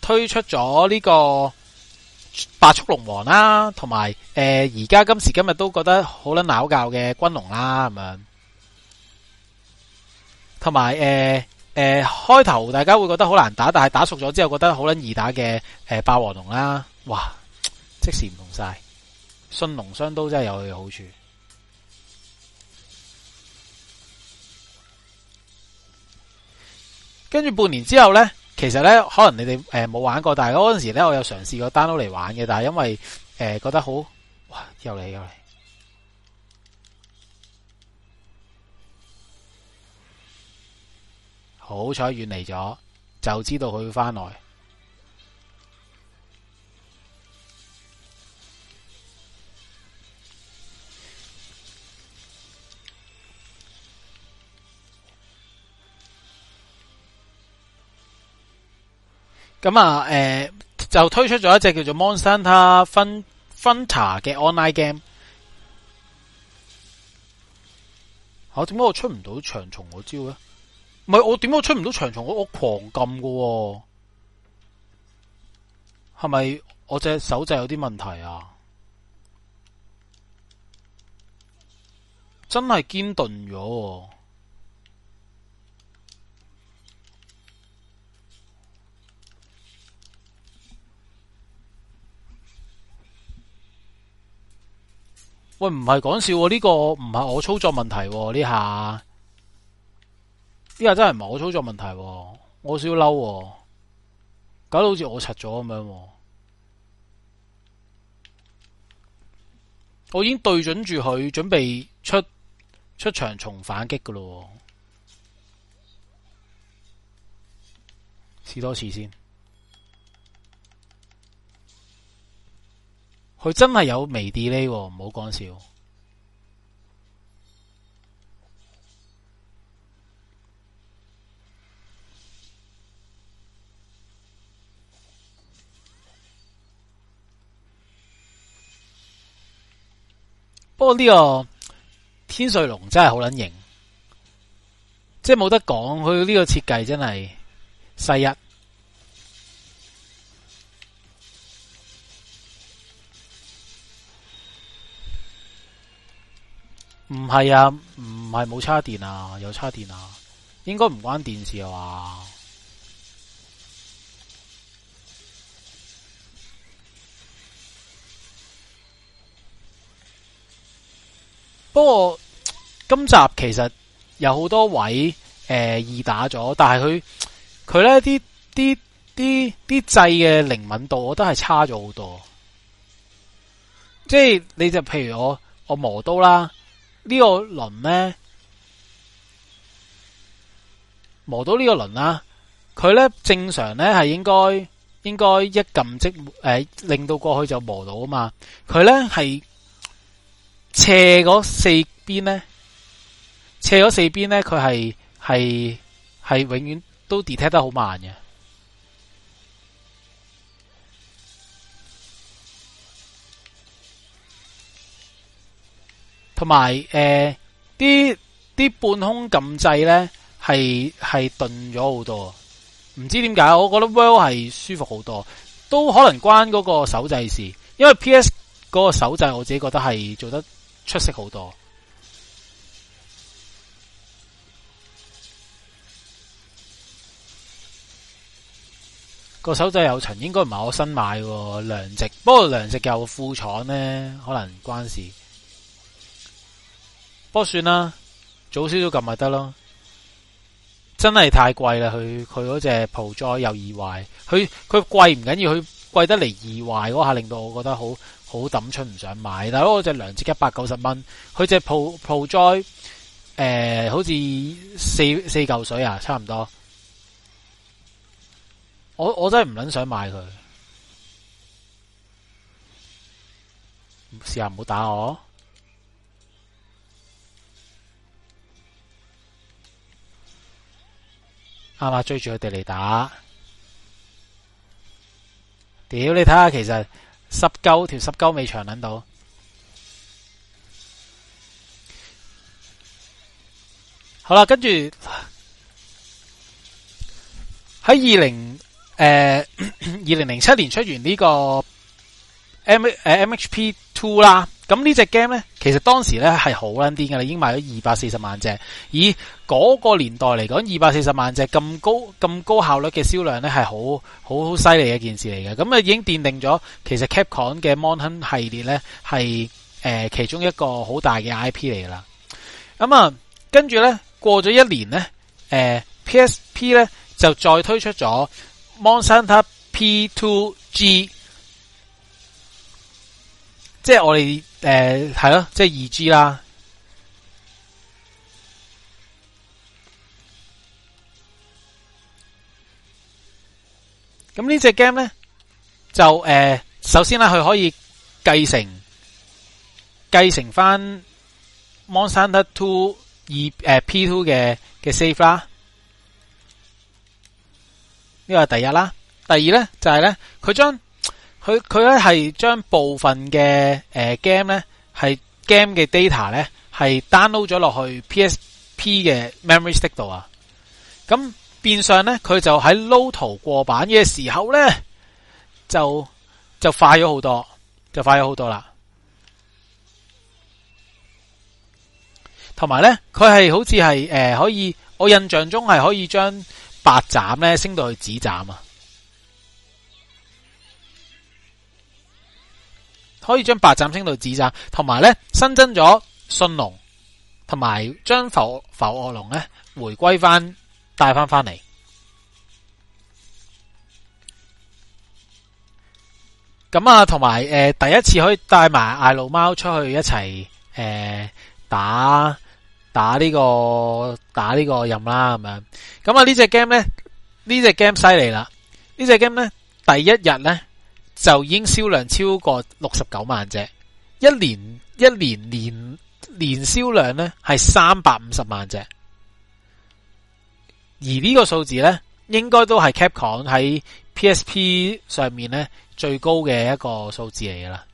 推出咗呢個白速龍王啦，同埋誒而家今時今日都覺得好捻拗教嘅軍龍啦，咁樣，同埋誒誒開頭大家會覺得好難打，但係打熟咗之後覺得好捻易打嘅誒、呃、霸王龍啦，哇即時唔同晒，信龍雙刀真係有佢嘅好處。跟住半年之後呢，其實呢，可能你哋呃、冇玩過，但係嗰陣時呢，我有嘗試過 download 嚟玩嘅，但係因為誒、呃、覺得好哇又嚟又嚟，好彩遠離咗，就知道佢會返來。咁啊，誒、呃，就推出咗一隻叫做 Monster Hunter Frontier 嘅 online game。吓、啊，點解我出唔到長蟲嗰招咧？唔係我點解我出唔到長蟲？我出長蟲狂撳是是我狂撳喎？係咪我隻手就有啲問題啊？真係堅頓咗。喂，唔係講笑，呢個唔係我操作問題，呢下呢下真係唔係我操作問題，我少嬲，搞到好似我柒咗咁樣，我已經對準住佢準備出出場重反擊噶喎。試多次先。佢真係有微 delay 呢喎，唔好講笑。不，笑不過呢個天彗龍真係好撚型，即係冇得講，佢呢個設計真係世一。唔係啊，唔係冇叉電啊，有叉電啊，應該唔關電視啊。不過今集其實有好多位誒、呃、易打咗，但係佢佢咧啲啲啲啲掣嘅靈敏度，我都係差咗好多。即係你就譬如我我磨刀啦。呢、呢個輪咧磨到呢個輪啦，佢咧正常咧係應該應該一撳即誒、呃、令到過去就磨到啊嘛。佢咧係斜嗰四邊咧斜嗰四邊咧佢係係係永遠都 detect 得好慢嘅。同埋誒，啲、呃、啲半空撳掣呢，係係鈍咗好多，唔知點解？我覺得 World 係舒服好多，都可能關嗰個手掣事，因為 PS 嗰個手掣我自己覺得係做得出色好多。個手掣有塵，應該唔係我新買，量值不過量值又副廠呢，可能關事。不過算啦，早少少撳咪得咯。真係太貴啦，佢佢嗰隻 p r o 又易壞，佢佢貴唔緊要，佢貴得嚟，易壞嗰下，令到我覺得好好抌出唔想買。但係嗰隻良隻一百九十蚊，佢隻 Pro p r o 誒、呃，好似四四嚿水啊，差唔多。我我真係唔捻想買佢，試下唔好打我。啱啊！追住佢哋嚟打，屌你睇下，其實十鳩條十鳩尾長撚到，好啦，跟住喺二零誒二零零七年出完呢個 M 誒 MHP two 啦。咁呢隻 game 咧，其實當時咧係好撚癲㗎啦，已經賣咗二百四十萬隻。以嗰個年代嚟講，二百四十萬隻咁高咁高效率嘅銷量咧，係好好好犀利嘅一件事嚟嘅。咁啊，已經奠定咗其實 Capcom 嘅 Monster Hunter 系列咧係誒其中一個好大嘅 IP 嚟啦。咁啊，跟住咧過咗一年咧，誒、呃、PSP 咧就再推出咗 Monster Hunter P2G，即係我哋。誒、呃，係咯，即係二 G 啦。咁呢隻 game 咧，就誒、呃，首先啦，佢可以繼承繼承返 Monster Two 二誒 P Two 嘅嘅 save 啦。呢個係第一啦，第二咧就係咧，佢將。佢佢咧係將部分嘅誒 game 咧係 game 嘅 data 咧係 download 咗落去 PSP 嘅 memory stick 度啊，咁變相咧佢就喺 load 圖過版嘅時候咧就就快咗好多，就快咗好多啦。同埋咧，佢係好似係誒可以，我印象中係可以將白斬咧升到去紫斬啊。可以將白斬升到紫斬，同埋咧新增咗迅龍，同埋將浮浮惡龍咧回歸翻帶翻翻嚟。咁啊，同埋誒，第一次可以帶埋艾露貓出去一齊誒、呃、打打呢、這個打呢個任啦咁樣、啊。咁、這、啊、個、呢隻 game 咧呢隻 game 犀利啦，呢隻 game 咧第一日咧，就已經銷量超過六十九萬隻，一年一年年年銷量咧係三百五十萬隻，而呢個數字咧應該都係 Capcom 喺 PSP 上面咧最高嘅一個數字嚟嘅啦，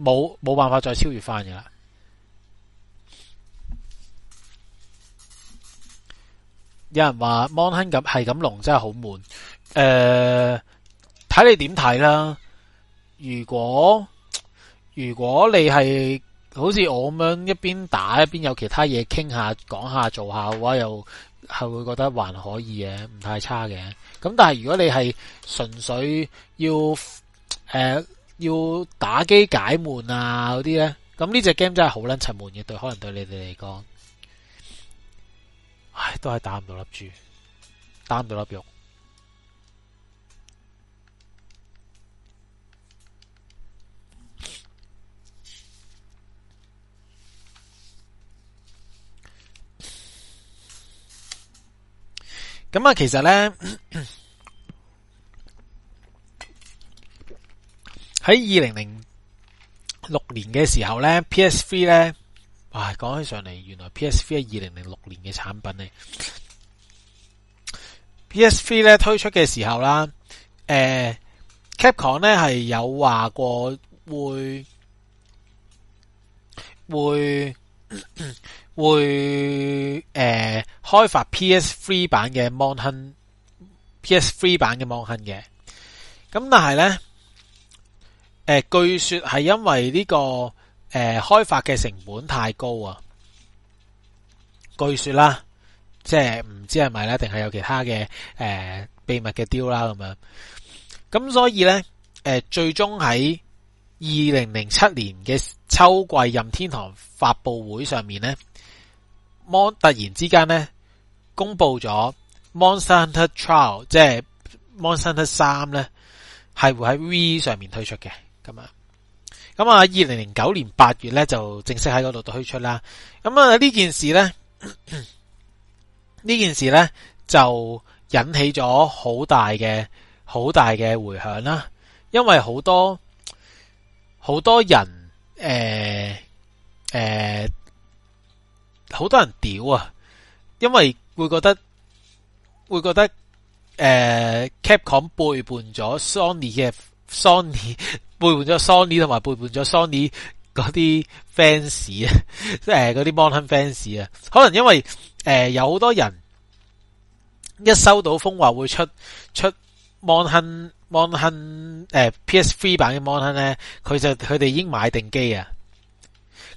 冇冇辦法再超越翻嘅啦。有人話 Monhun 咁係咁龍真係好悶，誒、呃，睇你點睇啦。如果如果你係好似我咁樣一邊打一邊有其他嘢傾下講下做下嘅話又，又係會覺得還可以嘅，唔太差嘅。咁但係如果你係純粹要誒、呃、要打機解悶啊嗰啲咧，咁呢隻 game 真係好撚沉悶嘅，對可能對你哋嚟講，唉，都係打唔到粒珠，打唔到粒肉。咁啊，其實咧，喺二零零六年嘅時候咧，PS3 咧，唉，講起上嚟，原來 PS3 係二零零六年嘅產品咧。PS3 咧推出嘅時候啦，誒、欸、，Capcom 咧係有話過會會。會誒、呃、開發 PS3 版嘅 monhun，PS3 版嘅、呃、monhun 嘅，咁但係咧，誒據說係因為呢、呢個誒、呃、開發嘅成本太高啊，據說啦，即係唔知係咪啦，定係有其他嘅誒、呃、秘密嘅 deal 啦咁樣，咁所以咧，誒、呃、最終喺。二零零七年嘅秋季任天堂發佈會上面咧，Mon 突然之間咧公布咗 Monster Hunter Tri 即係 Monster 三咧係會喺 Wii 上面推出嘅，咁啊，咁啊，二零零九年八月咧就正式喺嗰度推出啦。咁啊，呢件事咧呢咳咳呢件事咧就引起咗好大嘅好大嘅回響啦，因為好多。好多人，誒、呃、誒，好、呃、多人屌啊！因為會覺得會覺得，誒、呃、，Capcom 背叛咗 Sony 嘅 Sony，背叛咗 Sony 同埋背叛咗 Sony 嗰啲 fans 啊，即係嗰啲 MonHun fans 啊，可能因為、呃、有好多人一收到風話會出出。恨 monhun、monhun 誒、呃、，PS3 版嘅 monhun 咧，佢就佢哋已經買定機啊。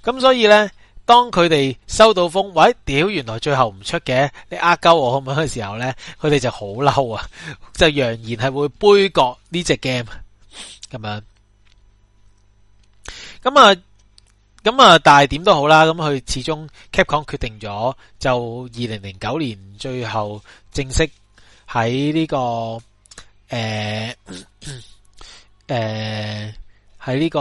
咁所以咧，當佢哋收到封，喂，屌，原來最後唔出嘅，你呃鳩我好，好唔好？嘅時候咧，佢哋就好嬲啊，就揚言係會杯葛呢隻 game 咁樣。咁啊，咁啊，但係點都好啦，咁佢始終 Capcom 決定咗，就二零零九年最後正式喺呢、這個。誒、呃、誒,喺、呃、呢、這個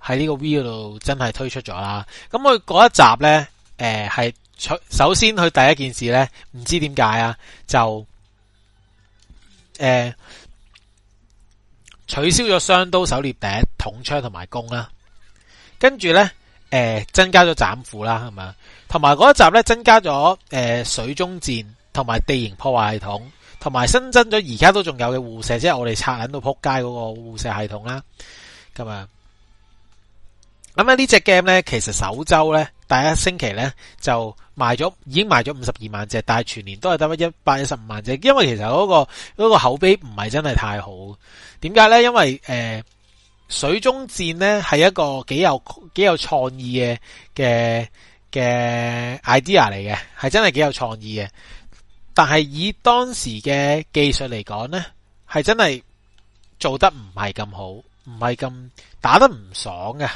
喺呢個 Wii 嗰度真係推出咗啦。咁佢嗰一集咧，誒係取首先佢第一件事咧，唔知點解啊，就誒、呃、取消咗雙刀、狩獵笛、銃槍同埋弓啦。跟住咧，誒增加咗斬斧啦，係咪？同埋嗰一集咧，增加咗誒、呃、水中戰同埋地形破壞係統。同埋新增咗，而家都仲有嘅護石，即係我哋刷緊到扑街嗰個護石系統啦。咁啊，咁啊呢隻 game 呢，其實首周呢，第一星期呢，就賣咗，已經賣咗五十二萬隻，但係全年都係得一百一十五萬隻，因為其實嗰、嗰個、嗰個口碑唔係真係太好嘅。點解呢？因為誒、呃，水中戰呢，係一個幾有幾有創意嘅嘅嘅 idea 嚟嘅，係真係幾有創意嘅。但係以當時嘅技術嚟講呢，係真係做得唔係咁好，唔係咁打得唔爽嘅。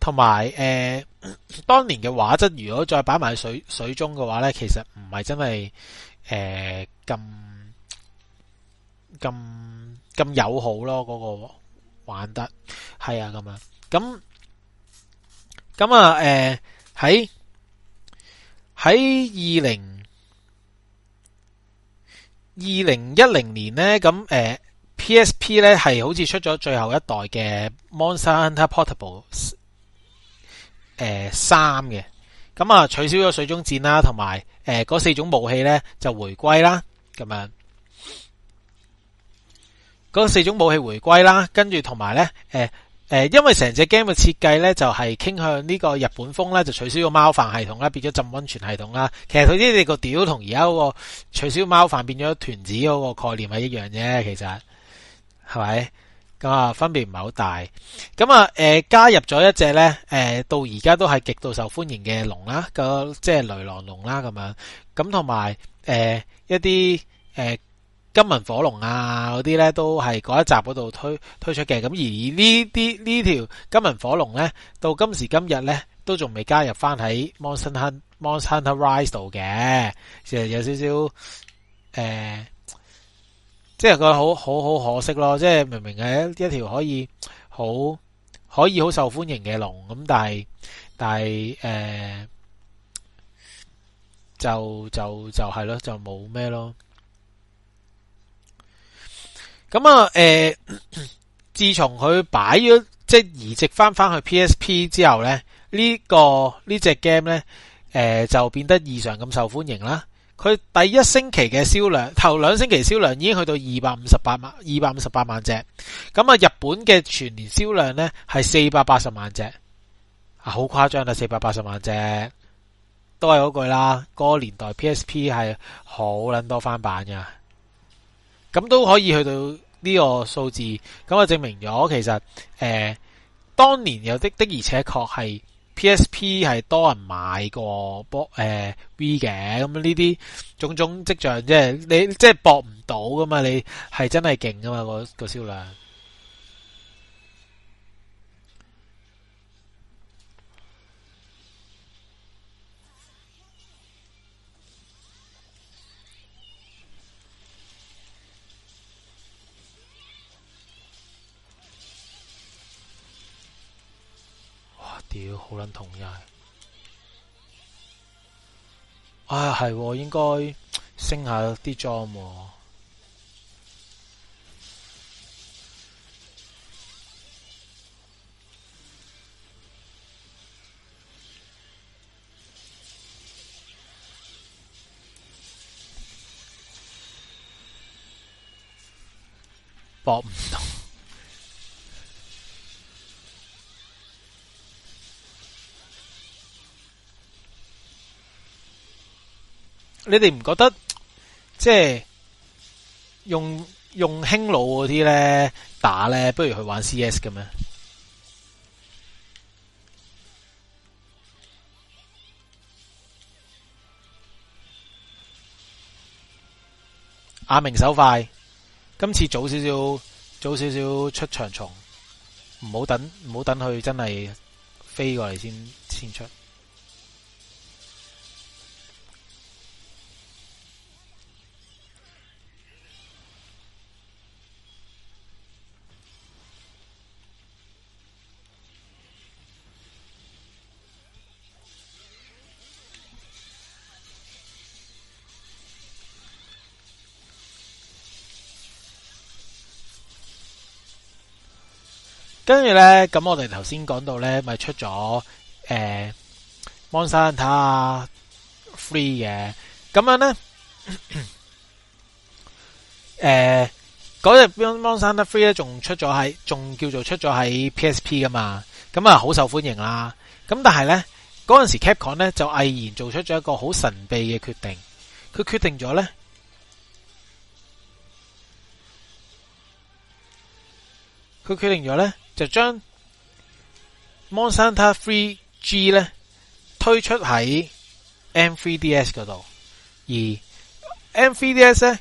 同埋誒，當年嘅畫質如果再擺埋水水中嘅話呢，其實唔係真係誒咁咁咁友好咯。嗰個玩得係啊，咁樣咁咁啊，誒喺喺二零。二零一零年呢，咁誒，PSP 咧係好似出咗最後一代嘅 Monster Hunter Portable 誒、呃、三嘅，咁啊取消咗水中戰啦，同埋誒嗰四種武器咧就回歸啦，咁樣嗰四種武器回歸啦，跟住同埋咧誒。呃誒，因為成隻 game 嘅設計咧，就係傾向呢個日本風咧，就取消個貓飯系統啦，變咗浸溫泉系統啦。其實佢你個屌同而家個取消貓飯變咗團子嗰個概念係一樣啫。其實係咪？咁啊，分別唔係好大。咁啊，誒、呃、加入咗一隻咧，誒、呃、到而家都係極度受歡迎嘅龍啦，個即係雷狼龍啦咁樣。咁同埋誒一啲誒。呃金文火龍啊，那些呢，嗰啲咧都係嗰一集嗰度推推出嘅。咁而呢啲呢條金文火龍咧，到今時今日咧，都仲未加入翻喺 Monster Hunter、Monster Hunter Rise 度嘅，其實有少少誒，即係佢好好好可惜咯。即係明明係一一條可以好可以好受歡迎嘅龍，咁但係但係誒、呃，就就就係咯，就冇咩咯。就是咁啊，誒、呃，自從佢擺咗即係移植翻翻去 PSP 之後咧，這個這個、呢個呢隻 game 咧，誒、呃、就變得異常咁受歡迎啦。佢第一星期嘅銷量，頭兩星期銷量已經去到二百五十八萬，二百五十八萬隻。咁啊，日本嘅全年銷量咧係四百八十萬隻，啊好誇張啦，四百八十萬隻，都係嗰句啦，嗰、那個年代 PSP 係好撚多翻版噶。咁都可以去到呢個數字，咁啊證明咗其實，誒、呃、當年有的的而且確係 PSP 係多人買過波誒、呃、V 嘅，咁呢啲種種跡象即係你即係駁唔到噶嘛，你係真係勁噶嘛個個銷量。屌，好撚痛呀！啊，係應該升下啲裝，搏唔到。你哋唔覺得即係用用輕弩嗰啲咧打咧，不如去玩 CS 咁咩？阿明手快，今次早少少，早少少出長蟲，唔好等，唔好等佢真係飛過嚟先，先出。跟住咧，咁我哋頭先講到咧，咪出咗誒《Monster Hunter Freedom》嘅，咁樣咧，誒嗰日《Monster Hunter Freedom》咧仲出咗喺，仲叫做出咗喺 PSP 噶嘛，咁啊好受歡迎啦。咁但係咧嗰陣時 Capcom 咧就毅然做出咗一個好神秘嘅決定，佢決定咗咧，佢決定咗咧。就將 Monstera Three G 咧推出喺 M3DS 嗰度，而 M3DS 咧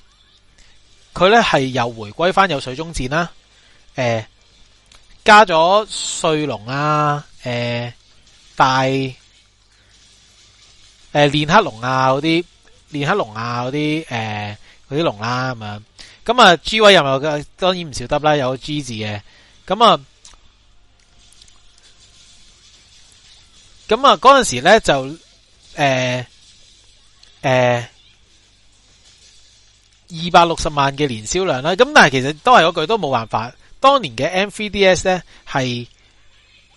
佢咧係又回歸翻有水中戰啦，誒加咗碎龍啊，誒大誒煉黑龍啊嗰啲煉黑龍啊嗰啲誒嗰啲龍啦咁樣，咁啊，啊 G 位又咪當然唔少得啦，有個 G 字嘅，咁啊。咁啊，嗰陣時咧就誒誒二百六十萬嘅年銷量啦，咁但係其實都係嗰句，都冇辦法。當年嘅 M3DS 咧係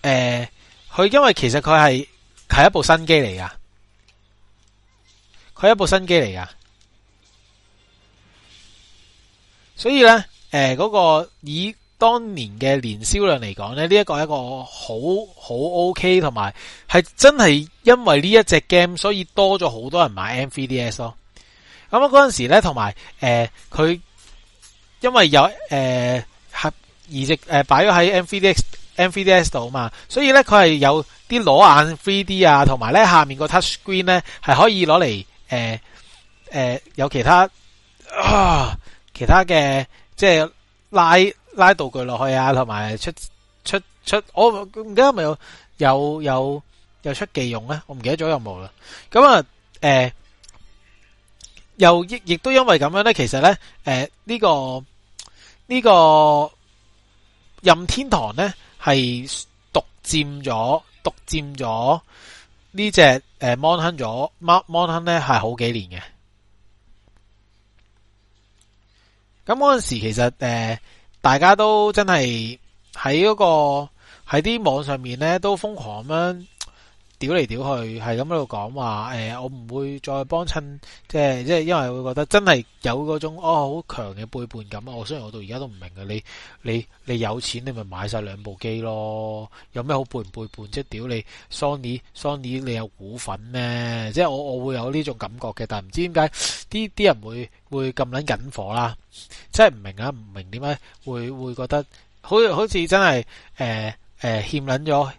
誒，佢、欸、因為其實佢係係一部新機嚟噶，佢係一部新機嚟噶，所以咧誒嗰個以。當年嘅年銷量嚟講咧，呢、這個、一個係一個好好 O K，同埋係真係因為呢一隻 game 所以多咗好多人買 3DS 咯。咁啊，嗰陣時咧，同埋誒佢因為有誒合、呃、移植誒擺咗、呃、喺 3DS 3DS 度嘛，所以咧佢係有啲裸眼 3D 啊，同埋咧下面個 touch screen 咧係可以攞嚟誒誒有其他啊其他嘅即係拉。拉道具落去啊，同埋出出出，我唔記得係咪有有有有出技用咧？我唔記得咗有冇啦。咁啊，誒、呃，又亦亦都因為咁樣咧，其實咧，誒、呃、呢、呢個呢、呢個任天堂咧係獨占咗獨占咗呢隻誒 MonHun 咗 Mon MonHun 咧係好幾年嘅。咁嗰陣時其實誒。呃大家都真係喺嗰個喺啲網上面咧，都瘋狂咁樣。屌嚟屌去，係咁喺度講話，誒，我唔會再幫襯，即係即係，因為會覺得真係有嗰種哦，好強嘅背叛感啊！我雖然我到而家都唔明啊，你你你有錢你咪買晒兩部機咯，有咩好背唔背叛，即係屌你 Sony Sony 你有股份咩？即係我我會有呢種感覺嘅，但係唔知點解啲啲人會會咁撚緊火啦，真係唔明啊！唔明點解會會覺得好似好似真係誒誒欠撚咗。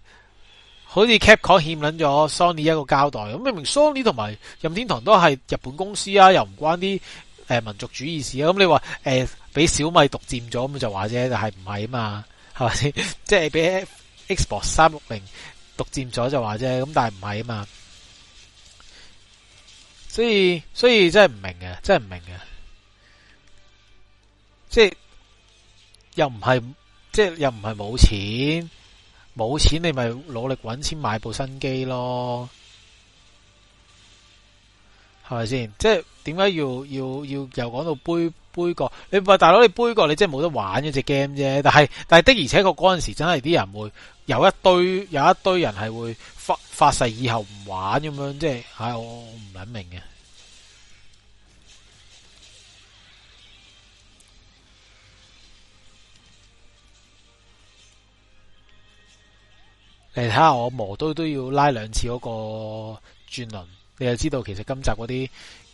好似 Capcom 欠撚咗 Sony 一個交代。咁明明 Sony 同埋任天堂都係日本公司啊，又唔關啲誒、呃、民族主義事啊，咁你話，誒，俾小米獨占咗咁就話啫，但係唔係啊嘛？係咪先？ 即係俾 Xbox 三六零獨占咗就話啫，咁但係唔係啊嘛？所以所以真係唔明啊，真係唔明啊，即係又唔係，即係又唔係冇錢。冇錢你咪努力搵錢買部新機咯，係咪先？即係點解要要要又講到杯杯葛？你話大佬，你杯葛你真係冇得玩嗰隻 game 啫，但係但係的而且確嗰陣時真係啲人會有一堆有一堆人係會發發誓以後唔玩咁樣，即係唉、哎、我唔諗明嘅。你睇下我磨刀都要拉兩次嗰個轉輪，你就知道其實今集嗰啲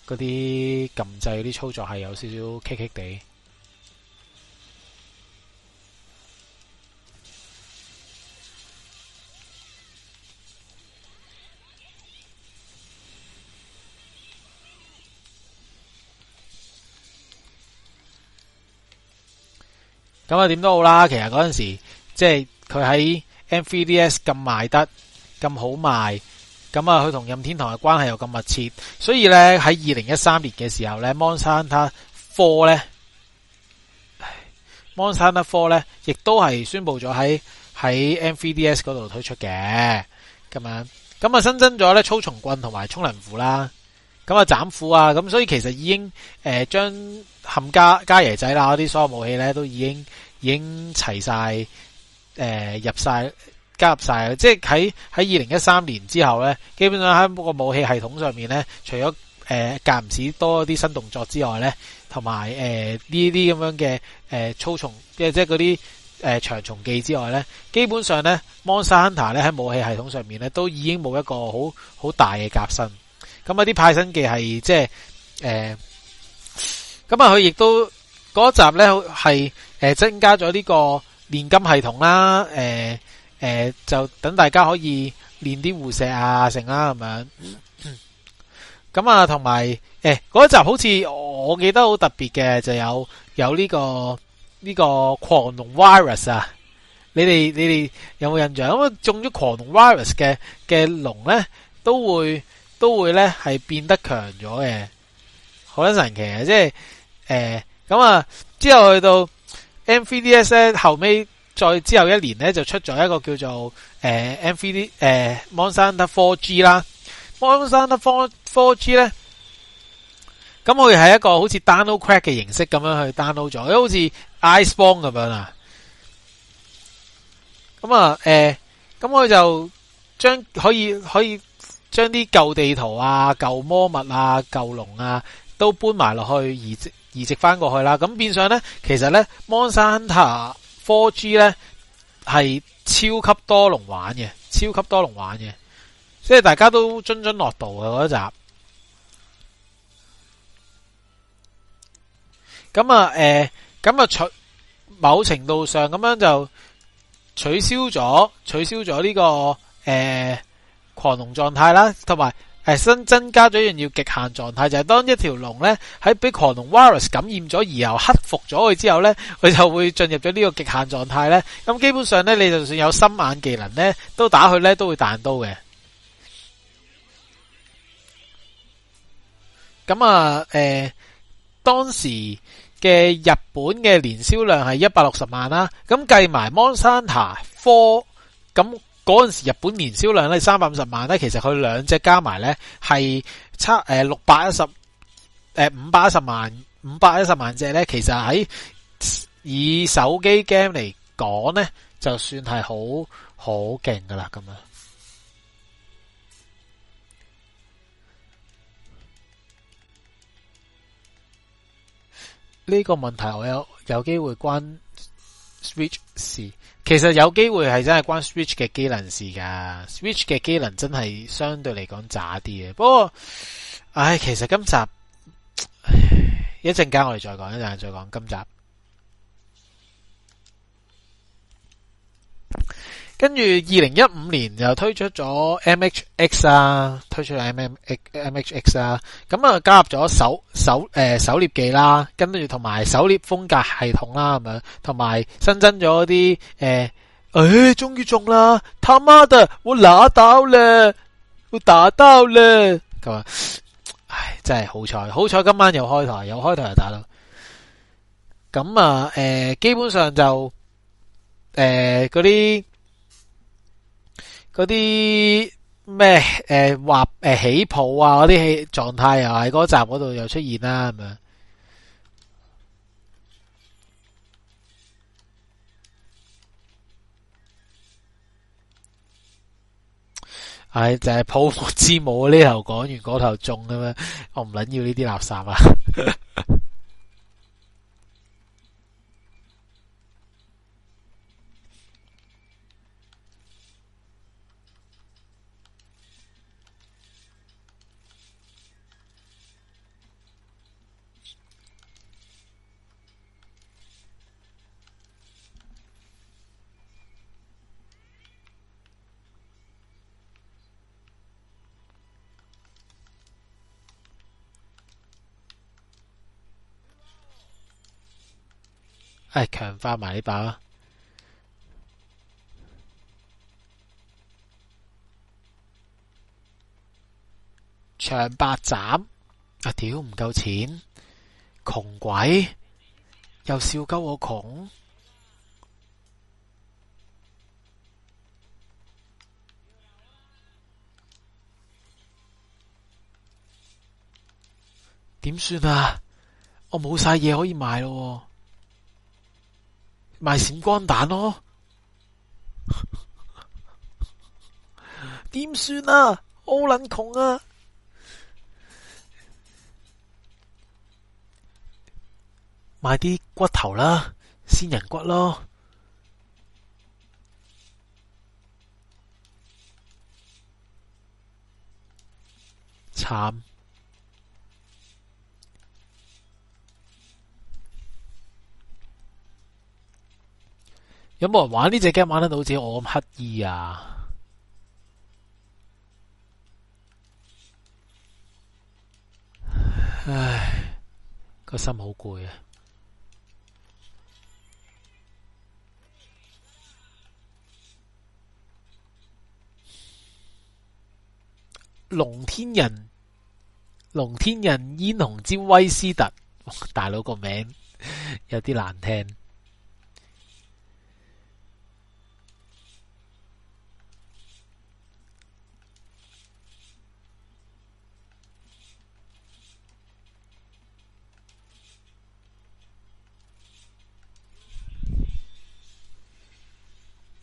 嗰啲撳掣嗰啲操作係有少少棘棘地。咁啊，點都好啦，其實嗰陣時即係佢喺。M3DS 咁賣得咁好賣，咁啊佢同任天堂嘅關係又咁密切，所以咧喺二零一三年嘅時候咧 Monster Four 咧 Monster Four 咧亦都係宣布咗喺喺 M3DS 嗰度推出嘅。咁樣，咁啊新增咗咧粗重棍同埋沖涼褲啦，咁啊斬斧啊，咁所以其實已經誒將冚家家爺仔啦，嗰啲所有武器咧都已經已經齊晒。誒、呃，入晒加入晒即係喺喺二零一三年之後咧，基本上喺個武器系統上面咧，除咗誒間唔時多啲新動作之外咧，同埋誒呢啲咁樣嘅誒、呃、粗蟲嘅即係嗰啲誒長蟲技之外咧，基本上咧 Monster Hunter 咧喺武器系統上面咧都已經冇一個好好大嘅革新。咁啊啲派生技係即係誒，咁啊佢亦都嗰集咧係誒增加咗呢、這個。煉金系統啦，誒、呃、誒、呃，就等大家可以練啲護石啊，成啦，咁樣。咁啊，同埋誒，嗰、欸、集好似我記得好特別嘅，就有有呢、這個呢、這個狂龍 Virus 啊。你哋你哋有冇印象？因為中咗狂龍 Virus 嘅嘅龍咧，都會都會咧係變得強咗嘅，好撚神奇啊！即係誒，咁、欸、啊之後去到。MVDs 咧，後屘再之後一年咧，就出咗一個叫做誒、呃、MVD 誒 MonHun 4G 啦。MonHun 4、4G 咧，咁佢係一個好似 download crack 嘅形式咁樣去 download 咗，好似 Iceborne 咁樣啊。咁啊，誒、呃，咁佢就將可以可以將啲舊地圖啊、舊魔物啊、舊龍啊都搬埋落去移植。移植翻過去啦，咁變相咧，其實咧，Monster 4G 咧係超級多龍玩嘅，超級多龍玩嘅，即係大家都津津樂道嘅嗰一集。咁啊，誒，咁啊，取某程度上咁樣就取消咗，取消咗呢個誒狂龍狀態啦，同埋，係新增加咗一樣要極限狀態，就係、是、當一條龍咧喺俾狂龍 Virus 感染咗，而然後克服咗佢之後咧，佢就會進入咗呢個極限狀態咧。咁基本上咧，你就算有心眼技能咧，都打佢咧都會彈刀嘅。咁啊，誒、呃，當時嘅日本嘅年銷量係一百六十萬啦。咁計埋 Monster Hunter 4咁。嗰陣時，日本年銷量咧三百五十萬咧，其實佢兩隻加埋咧係差誒六百一十誒五百一十萬五百一十萬隻咧，其實喺以手機 game 嚟講咧，就算係好好勁噶啦咁啊！呢個問題我有有機會關 Switch 事。其實有機會係真係關 Switch 嘅機能事噶，Switch 嘅機能真係相對嚟講渣啲嘅。不過，唉，其實今集一陣間我哋再講，一陣間再講今集。跟住二零一五年就推出咗 MHX 啊，推出 M M MHX 啊，咁啊加入咗手手誒狩獵技啦，跟住同埋狩獵風格系統啦咁樣，同埋新增咗啲誒，誒終於中啦，他媽的我拿到了，我打到了，咁啊，唉真係好彩，好彩今晚又開台，又開台又打到，咁啊誒基本上就誒嗰啲。嗰啲咩誒畫誒起泡啊，嗰啲起狀態又喺嗰站嗰度又出現啦咁樣，係、哎、就係、是、泡沫之母呢頭講完嗰頭中咁樣，我唔撚要呢啲垃圾啊！ 誒、哎，強化埋呢把長白斬啊！屌唔夠錢，窮鬼又笑鳩我窮，點算啊？我冇晒嘢可以買咯。賣閃光彈咯，點 算啊？好撚窮啊，賣啲骨頭啦，仙人骨咯，慘。有冇人玩呢隻 game 玩得到好似我咁乞衣啊！唉，個心好攰啊！龍天人，龍天人，煙紅之威斯特，大佬個名有啲難聽。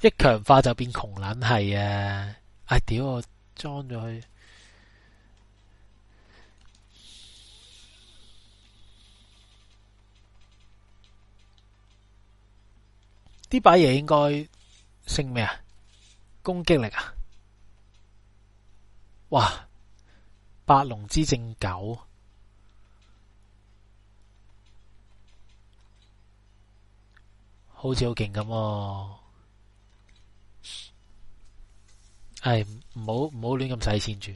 一強化就變窮撚係啊！啊、哎、屌我裝咗去，呢把嘢應該升咩啊？攻擊力啊！哇！八龍之正九，好似好勁咁。唉，唔好唔好亂咁使錢住，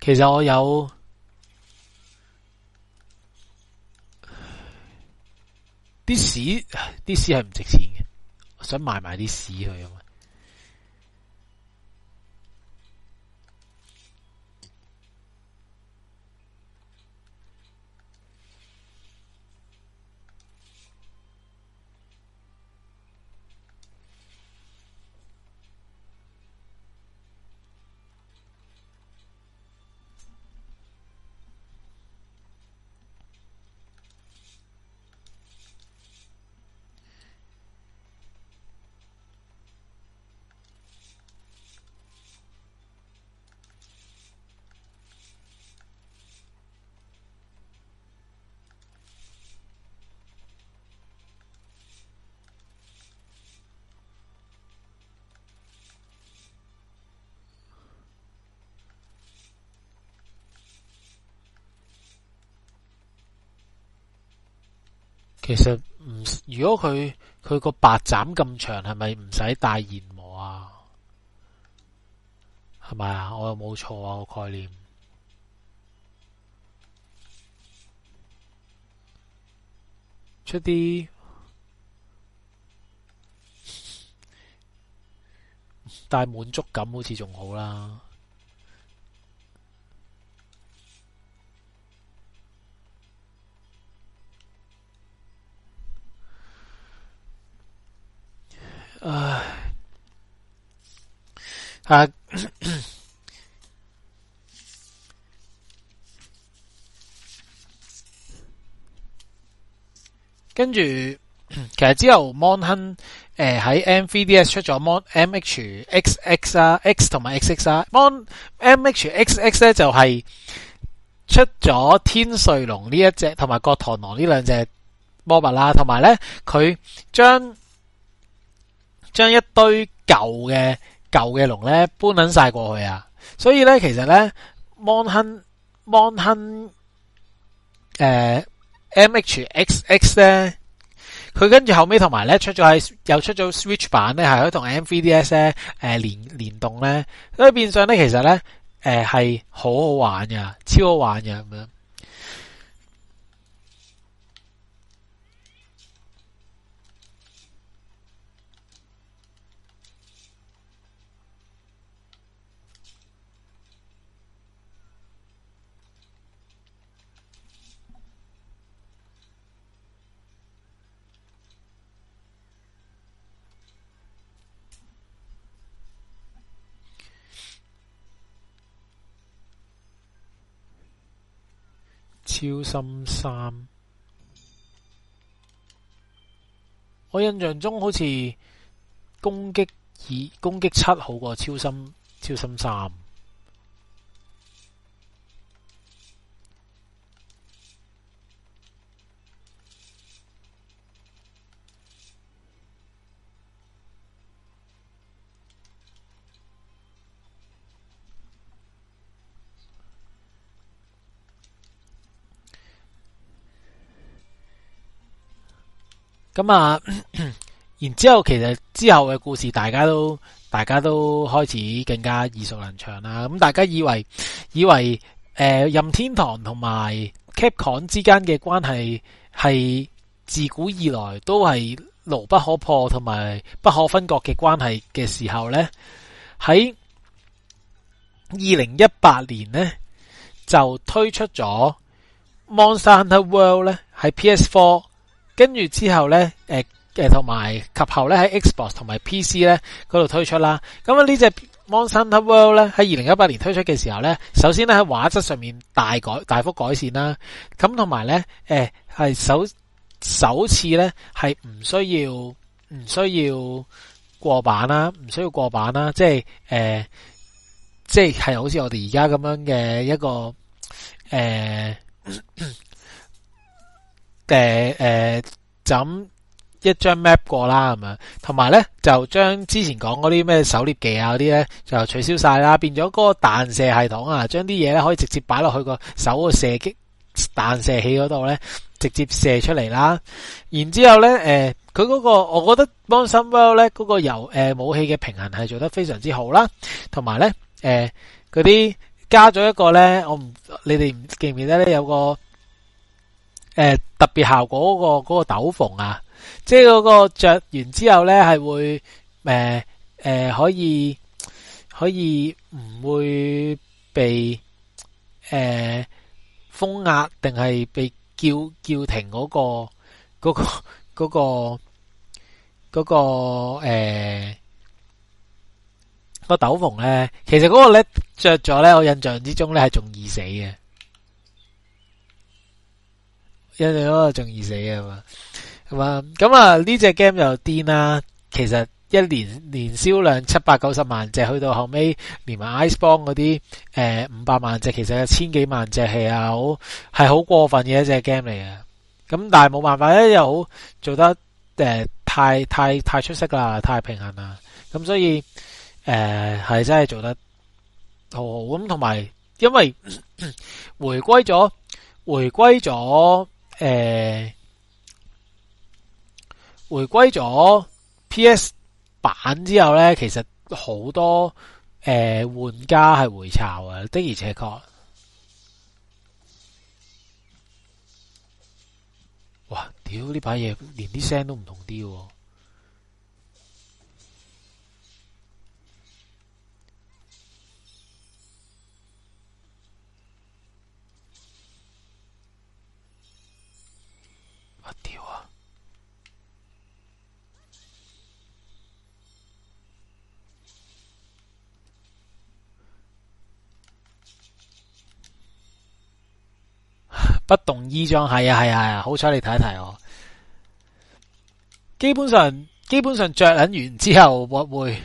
其實我有啲屎，啲屎係唔值錢嘅，我想賣埋啲屎佢啊嘛。其實唔，如果佢佢個白斬咁長，係咪唔使帶研磨啊？係咪啊？我又冇錯啊？個概念出啲，帶滿足感好似仲好啦。唉，啊，跟住，其實之後 Mon Hun 誒喺 MVDs 出咗 Mon MH XX 啊，X 同埋 XX 啊，Mon MH XX 咧就係出咗天瑞龍呢一隻，同埋角螳螂呢兩隻怪物啦，同埋咧佢將。將一堆舊嘅舊嘅龍咧搬撚晒過去啊！所以咧，其實咧，Mon Hun Mon Hun 誒 M H X X 咧，佢跟住後尾同埋咧出咗係又出咗 Switch 版咧係可以同 M V D S 咧誒連聯動咧，所以變相咧其實咧誒係好好玩嘅，超好玩嘅咁樣。超心三，我印象中好似攻擊二、攻擊七好過超心，超心三。咁啊，咳咳，然之後其實之後嘅故事，大家都大家都開始更加耳熟能詳啦。咁大家以為以為誒、呃、任天堂同埋 Capcom 之間嘅關係係自古以來都係牢不可破同埋不可分割嘅關係嘅時候咧，喺二零一八年咧就推出咗 Monster Hunter World 咧喺 PS Four。跟住之後咧，誒、呃、誒，同埋及後咧喺 Xbox 同埋 PC 咧嗰度推出啦。咁啊呢隻 Monster Hunter World 咧喺二零一八年推出嘅時候咧，首先咧喺畫質上面大改大幅改善啦。咁同埋咧，誒、呃、係首首次咧係唔需要唔需要過版啦，唔需要過版啦，即係誒、呃、即係係好似我哋而家咁樣嘅一個誒。呃 誒、呃、誒，就咁一張 map 過啦，咁啊，同埋咧，就將之前講嗰啲咩狩獵技啊嗰啲咧就取消晒啦，變咗嗰個彈射系統啊，將啲嘢咧可以直接擺落去個手個射擊彈射器嗰度咧，直接射出嚟啦。然之後咧，誒、呃，佢嗰、嗰個我覺得《One Some World》咧嗰個由誒武器嘅平衡係做得非常之好啦，同埋咧，誒、呃，嗰啲加咗一個咧，我唔，你哋唔記唔記得咧有個？誒、呃，特別效果嗰、那個、那個斗篷啊，即係嗰個着完之後咧，係會誒誒、呃呃、可以可以唔會被誒風壓定係被叫叫停嗰、那個嗰、那個、那個、那個誒個、呃、斗篷咧，其實嗰個咧着咗咧，我印象之中咧係仲易死嘅。跟住嗰個仲易死啊嘛，係嘛？咁啊呢隻 game 又癲啦，其實一年年銷量七百九十萬隻，去到後尾連埋 Iceborne 嗰啲誒五百萬隻，其實係千幾萬隻，係啊，好係好過分嘅一隻 game 嚟嘅！咁但係冇辦法咧，又好做得誒太太太出色啦，太平衡啦，咁所以誒係真係做得好好咁，同埋因為回歸咗，回歸咗。誒、欸，回歸咗 PS 版之後咧，其實好多誒、欸、玩家係回巢啊，的而且確。哇，屌呢把嘢，連啲聲都唔同啲喎。不動衣裝係啊係啊係啊，啊啊好彩你睇睇我，基本上基本上着緊完之後，我會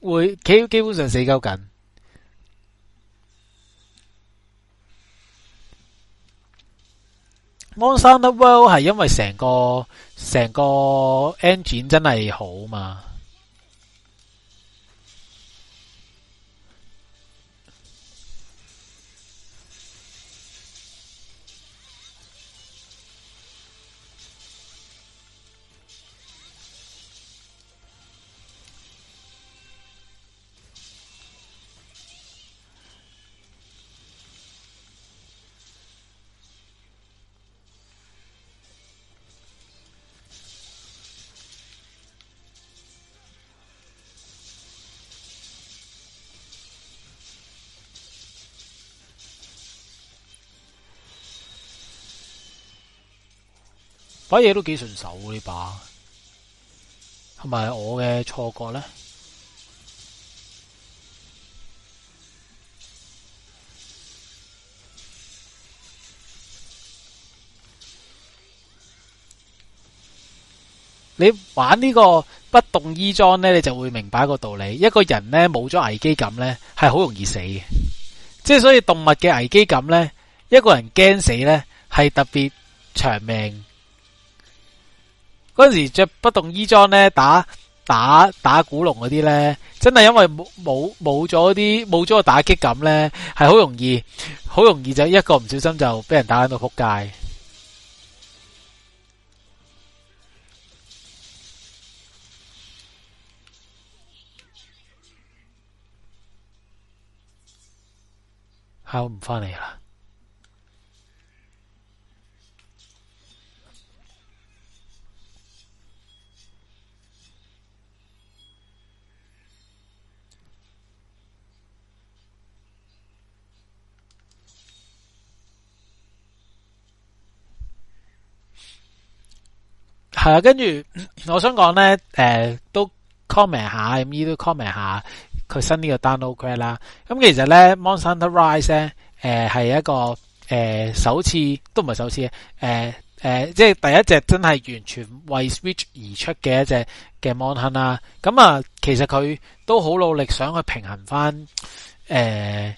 會基基本上死鳩緊。Monster World 係因為成個成個 engine 真係好嘛。把嘢都幾順手，呢把係咪我嘅錯覺呢？你玩呢個不動衣裝呢，你就會明白一個道理：一個人呢，冇咗危機感呢，係好容易死嘅。即係所以動物嘅危機感呢，一個人驚死呢，係特別長命。嗰陣時着不動衣裝咧，打打打古龍嗰啲咧，真係因為冇冇冇咗啲冇咗個打擊感咧，係好容易好容易就一個唔小心就俾人打到撲街，我唔翻嚟啦。啊、跟住，我想講咧、呃，都 comment 下，咁呢都 comment 下佢新呢個 download 嘅啦。咁、啊、其實咧，Monster Rise 咧，係、呃、一個、呃、首次都唔係首次、呃呃、即係第一隻真係完全為 Switch 而出嘅一隻嘅 Monster 啦。咁啊，其實佢都好努力想去平衡翻誒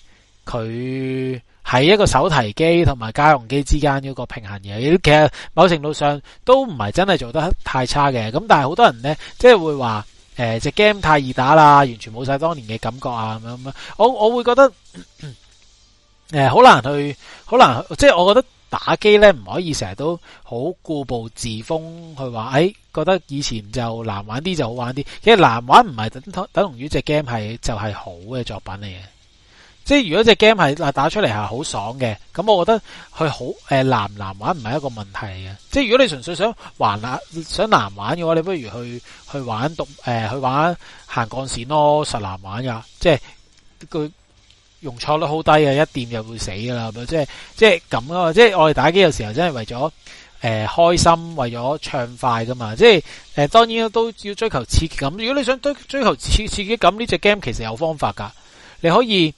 佢。呃係一個手提機同埋家用機之間嗰個平衡嘅。其實某程度上都唔係真係做得太差嘅。咁但係好多人呢，即係會話誒隻 game 太易打啦，完全冇晒當年嘅感覺啊咁樣。我我會覺得誒好、呃、難去，好難即係我覺得打機呢唔可以成日都好固步自封去話誒、哎，覺得以前就難玩啲就好玩啲。其實難玩唔係等同等同於隻 game 係就係、是、好嘅作品嚟嘅。即係如果隻 game 係嗱打出嚟係好爽嘅，咁我覺得佢好誒難唔難玩唔係一個問題嘅。即係如果你純粹想還想難玩嘅話，你不如去去玩獨誒、呃、去玩行鋼線咯，實難玩噶。即係佢容錯率好低呀，一掂就會死噶啦。即係即係咁咯。即係我哋打機嘅時候真係為咗誒、呃、開心，為咗暢快噶嘛。即係誒、呃、當然都要追求刺激感。如果你想追追求刺刺激感，呢隻 game 其實有方法噶，你可以。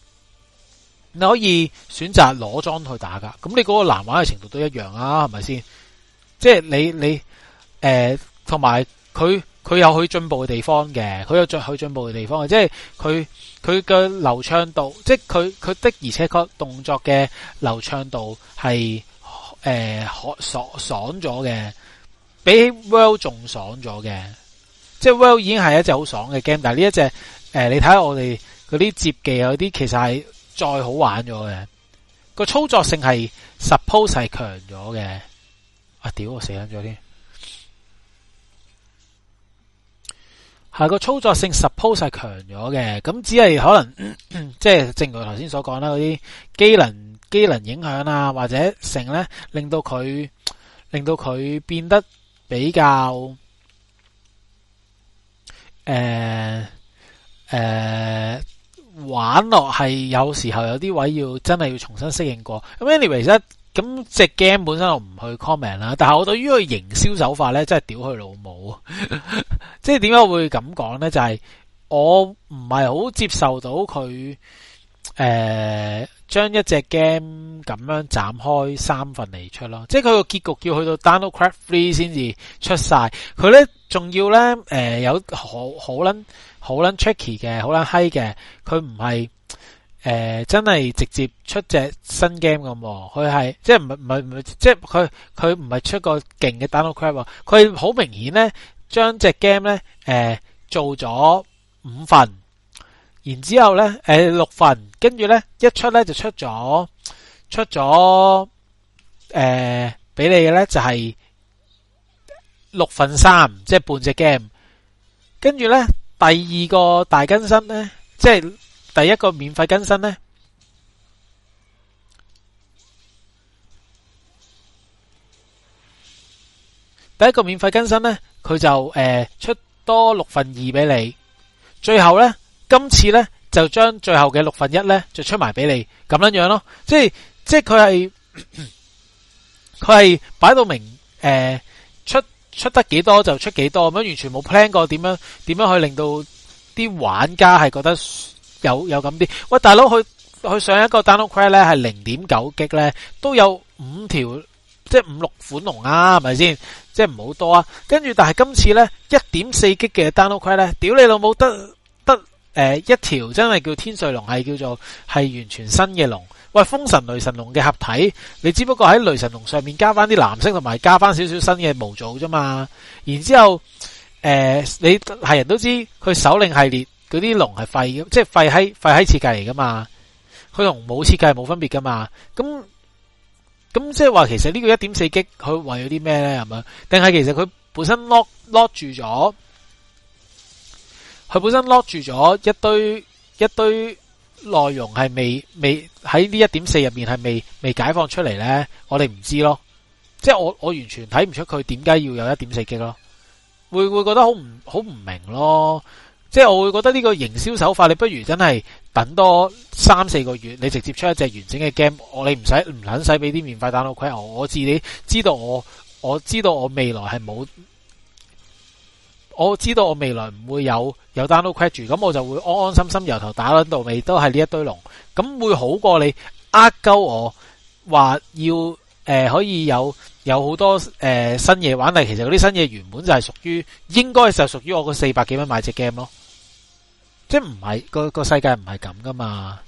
你可以選擇裸裝去打㗎，咁你嗰個難玩嘅程度都一樣啊，係咪先？即係你你誒，同埋佢佢有去進步嘅地方嘅，佢有進佢進步嘅地方嘅，即係佢佢嘅流暢度，即係佢佢的而且確動作嘅流暢度係誒可爽爽咗嘅，比起 World 仲爽咗嘅，即係 World 已經係一隻好爽嘅 game，但係呢一隻誒、呃，你睇下我哋嗰啲接技啊，嗰啲其實係。再好玩咗嘅，個操作性係 suppose 係強咗嘅。啊，屌，我死撚咗添。係個操作性 suppose 強咗嘅，咁只係可能咳咳即係，正如頭先所講啦，嗰啲機能機能影響啊，或者成咧令到佢令到佢變得比較誒誒。呃呃玩落係有時候有啲位要真係要重新適應過。咁 anyway，其實咁隻 game 本身我唔去 comment 啦。但係我對於佢營銷手法咧，真係屌佢老母！即係點解會咁講咧？就係、是、我唔係好接受到佢誒，將、呃、一隻 game 咁樣斬開三份嚟出咯。即係佢個結局要去到 Dungeon Craft Three 先至出晒。佢咧仲要咧誒、呃，有好好捻。好捻 tricky 嘅，好捻 high 嘅。佢唔係誒，真係直接出隻新 game 咁。佢係即係唔係唔係唔係，即係佢佢唔係出個勁嘅 download crab，佢好明顯咧，將隻 game 咧誒做咗五份，然之後咧誒、呃、六份，跟住咧一出咧就出咗出咗誒俾你嘅咧就係、是、六份三，即係半隻 game，跟住咧。第二個大更新呢，即係第一個免費更新呢，第一個免費更新呢，佢就誒出多六分二俾你。最後呢，今次呢就將最後嘅六分一呢就出埋俾你咁樣樣咯。即係即係佢係佢係擺到明誒。出得幾多就出幾多咁樣，完全冇 plan 過點樣點樣去令到啲玩家係覺得有有咁啲。喂，大佬去去上一個 download 咧，係零點九 G 咧，都有五條，即係五六款龍啊，係咪先？即係唔好多啊。跟住但係今次咧，一點四 G 嘅 download 咧，屌你老母得得誒、呃、一條真係叫天彗龍係叫做係完全新嘅龍。喂，風神雷神龍嘅合體，你只不過喺雷神龍上面加翻啲藍色同埋加翻少少新嘅模組啫嘛。然之後，誒、呃，你係人都知佢首領系列嗰啲龍係廢嘅，即係廢喺廢閪設計嚟噶嘛。佢同冇設計係冇分別噶嘛。咁咁即係話，那就是說其實這個 4G，它說什麼呢個一點四擊佢為咗啲咩咧？係咪？定係其實佢本身 lock lock 住咗，佢本身 lock 住咗一堆一堆。一堆內容係未未喺呢一點四入面係未未解放出嚟呢？我哋唔知咯。即係我我完全睇唔出佢點解要有一點四擊咯，會會覺得好唔好唔明咯。即係我會覺得呢個營銷手法，你不如真係等多三四個月，你直接出一隻完整嘅 game，我你唔使唔撚使俾啲免費蛋佬虧我。我自己知道我我知道我未來係冇。我知道我未來唔會有有 download credit，咁我就會安安心心由頭打到尾都係呢一堆龍，咁會好過你握握呃鳩我話要誒可以有有好多誒、呃、新嘢玩，但其實嗰啲新嘢原本就係屬於應該就屬於我個四百幾蚊買隻 game 咯，即係唔係個個世界唔係咁噶嘛。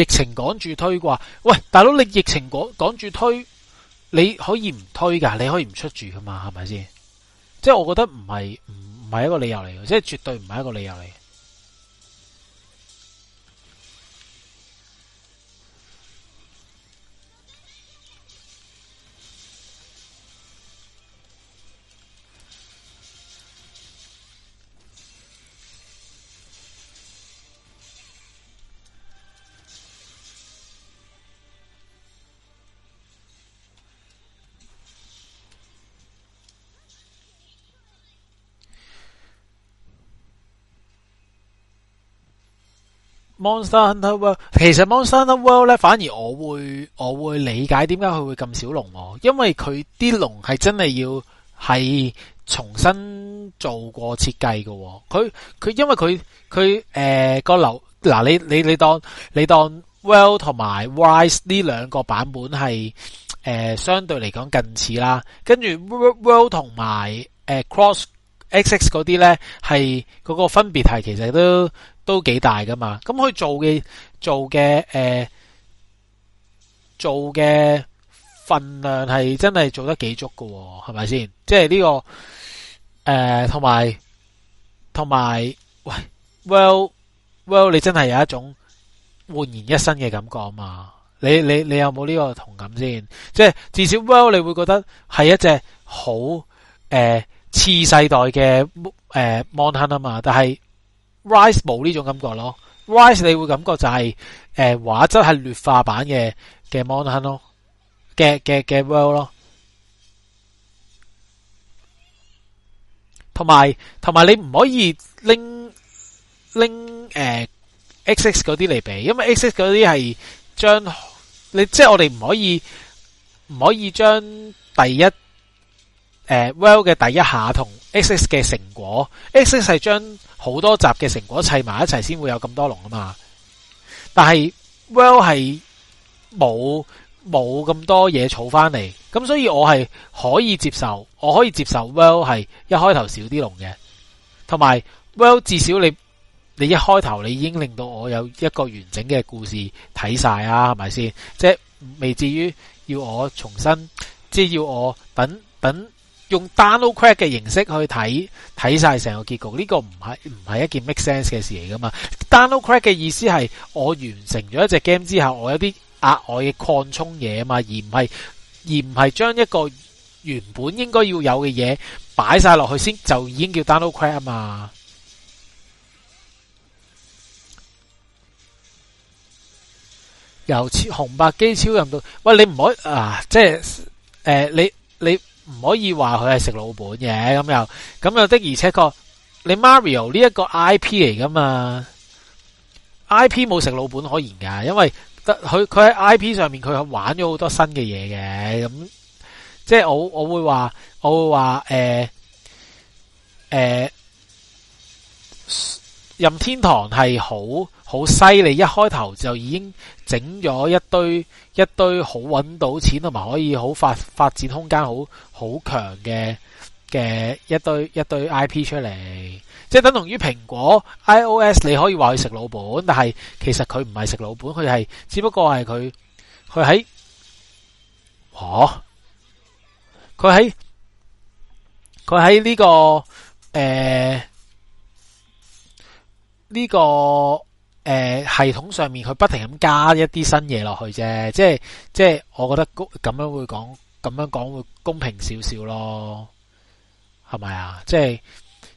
疫情趕住推啩，喂，大佬你疫情趕趕住推，你可以唔推㗎，你可以唔出住㗎嘛，係咪先？即係我覺得唔係唔係一個理由嚟嘅，即係絕對唔係一個理由嚟。Monster Hunter World 其實 Monster Hunter World 咧，反而我會我會理解點解佢會咁少龍喎，因為佢啲龍係真係要係重新做過設計嘅。佢佢因為佢佢誒個流嗱，你你你當你當 World 同埋 Rise 呢兩個版本係誒、呃、相對嚟講近似啦，跟住 World 同埋 Cross XX 嗰啲咧，係嗰個分別係其實都。都幾大噶嘛？咁佢做嘅做嘅誒做嘅份量係真係做得幾足噶，係咪先？即係呢個誒同埋同埋，喂，well well，你真係有一種煥然一新嘅感覺啊嘛！你你你有冇呢個同感先？即係至少 well，你會覺得係一隻好誒次世代嘅誒 monhun 啊嘛，但係。Rise 冇呢種感覺咯，Rise 你會感覺就係誒畫質係劣化版嘅嘅 monhun 咯，嘅嘅嘅 World 咯，同埋同埋你唔可以拎拎誒 xx 嗰啲嚟比，因為 xx 嗰啲係將你即係、就是、我哋唔可以唔可以將第一誒 World 嘅第一下同。X X 嘅成果，X X 係將好多集嘅成果砌埋一齊先會有咁多龍啊嘛。但係 World 係冇冇咁多嘢儲翻嚟，咁所以我係可以接受，我可以接受 World 係一開頭少啲龍嘅，同埋 World 至少你你一開頭你已經令到我有一個完整嘅故事睇晒啊，係咪先？即係未至於要我重新，即係要我等等。用 download crack 嘅形式去睇睇晒成個結局，呢個唔係唔係一件 make sense 嘅事嚟噶嘛？download crack 嘅意思係我完成咗一隻 game 之後，我有啲額外嘅擴充嘢嘛，而唔係而唔係將一個原本應該要有嘅嘢擺晒落去先，就已經叫 download crack 啊嘛？由超紅白機超任到，喂你唔好啊！即係誒、呃，你你。唔可以話佢係食老本嘅，咁又咁又的而且確，你 Mario 呢一個 IP 嚟噶嘛？IP 冇食老本可言噶，因為得佢佢喺 IP 上面佢係玩咗好多新嘅嘢嘅，咁即係我我會話我會話誒誒任天堂係好。好犀利！一開頭就已經整咗一堆一堆好搵到錢同埋可以好發發展空間好好強嘅嘅一堆一堆 IP 出嚟，即係等同於蘋果 iOS。你可以話佢食老本，但係其實佢唔係食老本，佢係只不過係佢佢喺，哇！佢喺佢喺呢個誒呢個。呃這個誒，系統上面佢不停咁加一啲新嘢落去啫，即係即係，我覺得咁樣會講，咁樣講會公平少少咯，係咪啊？即係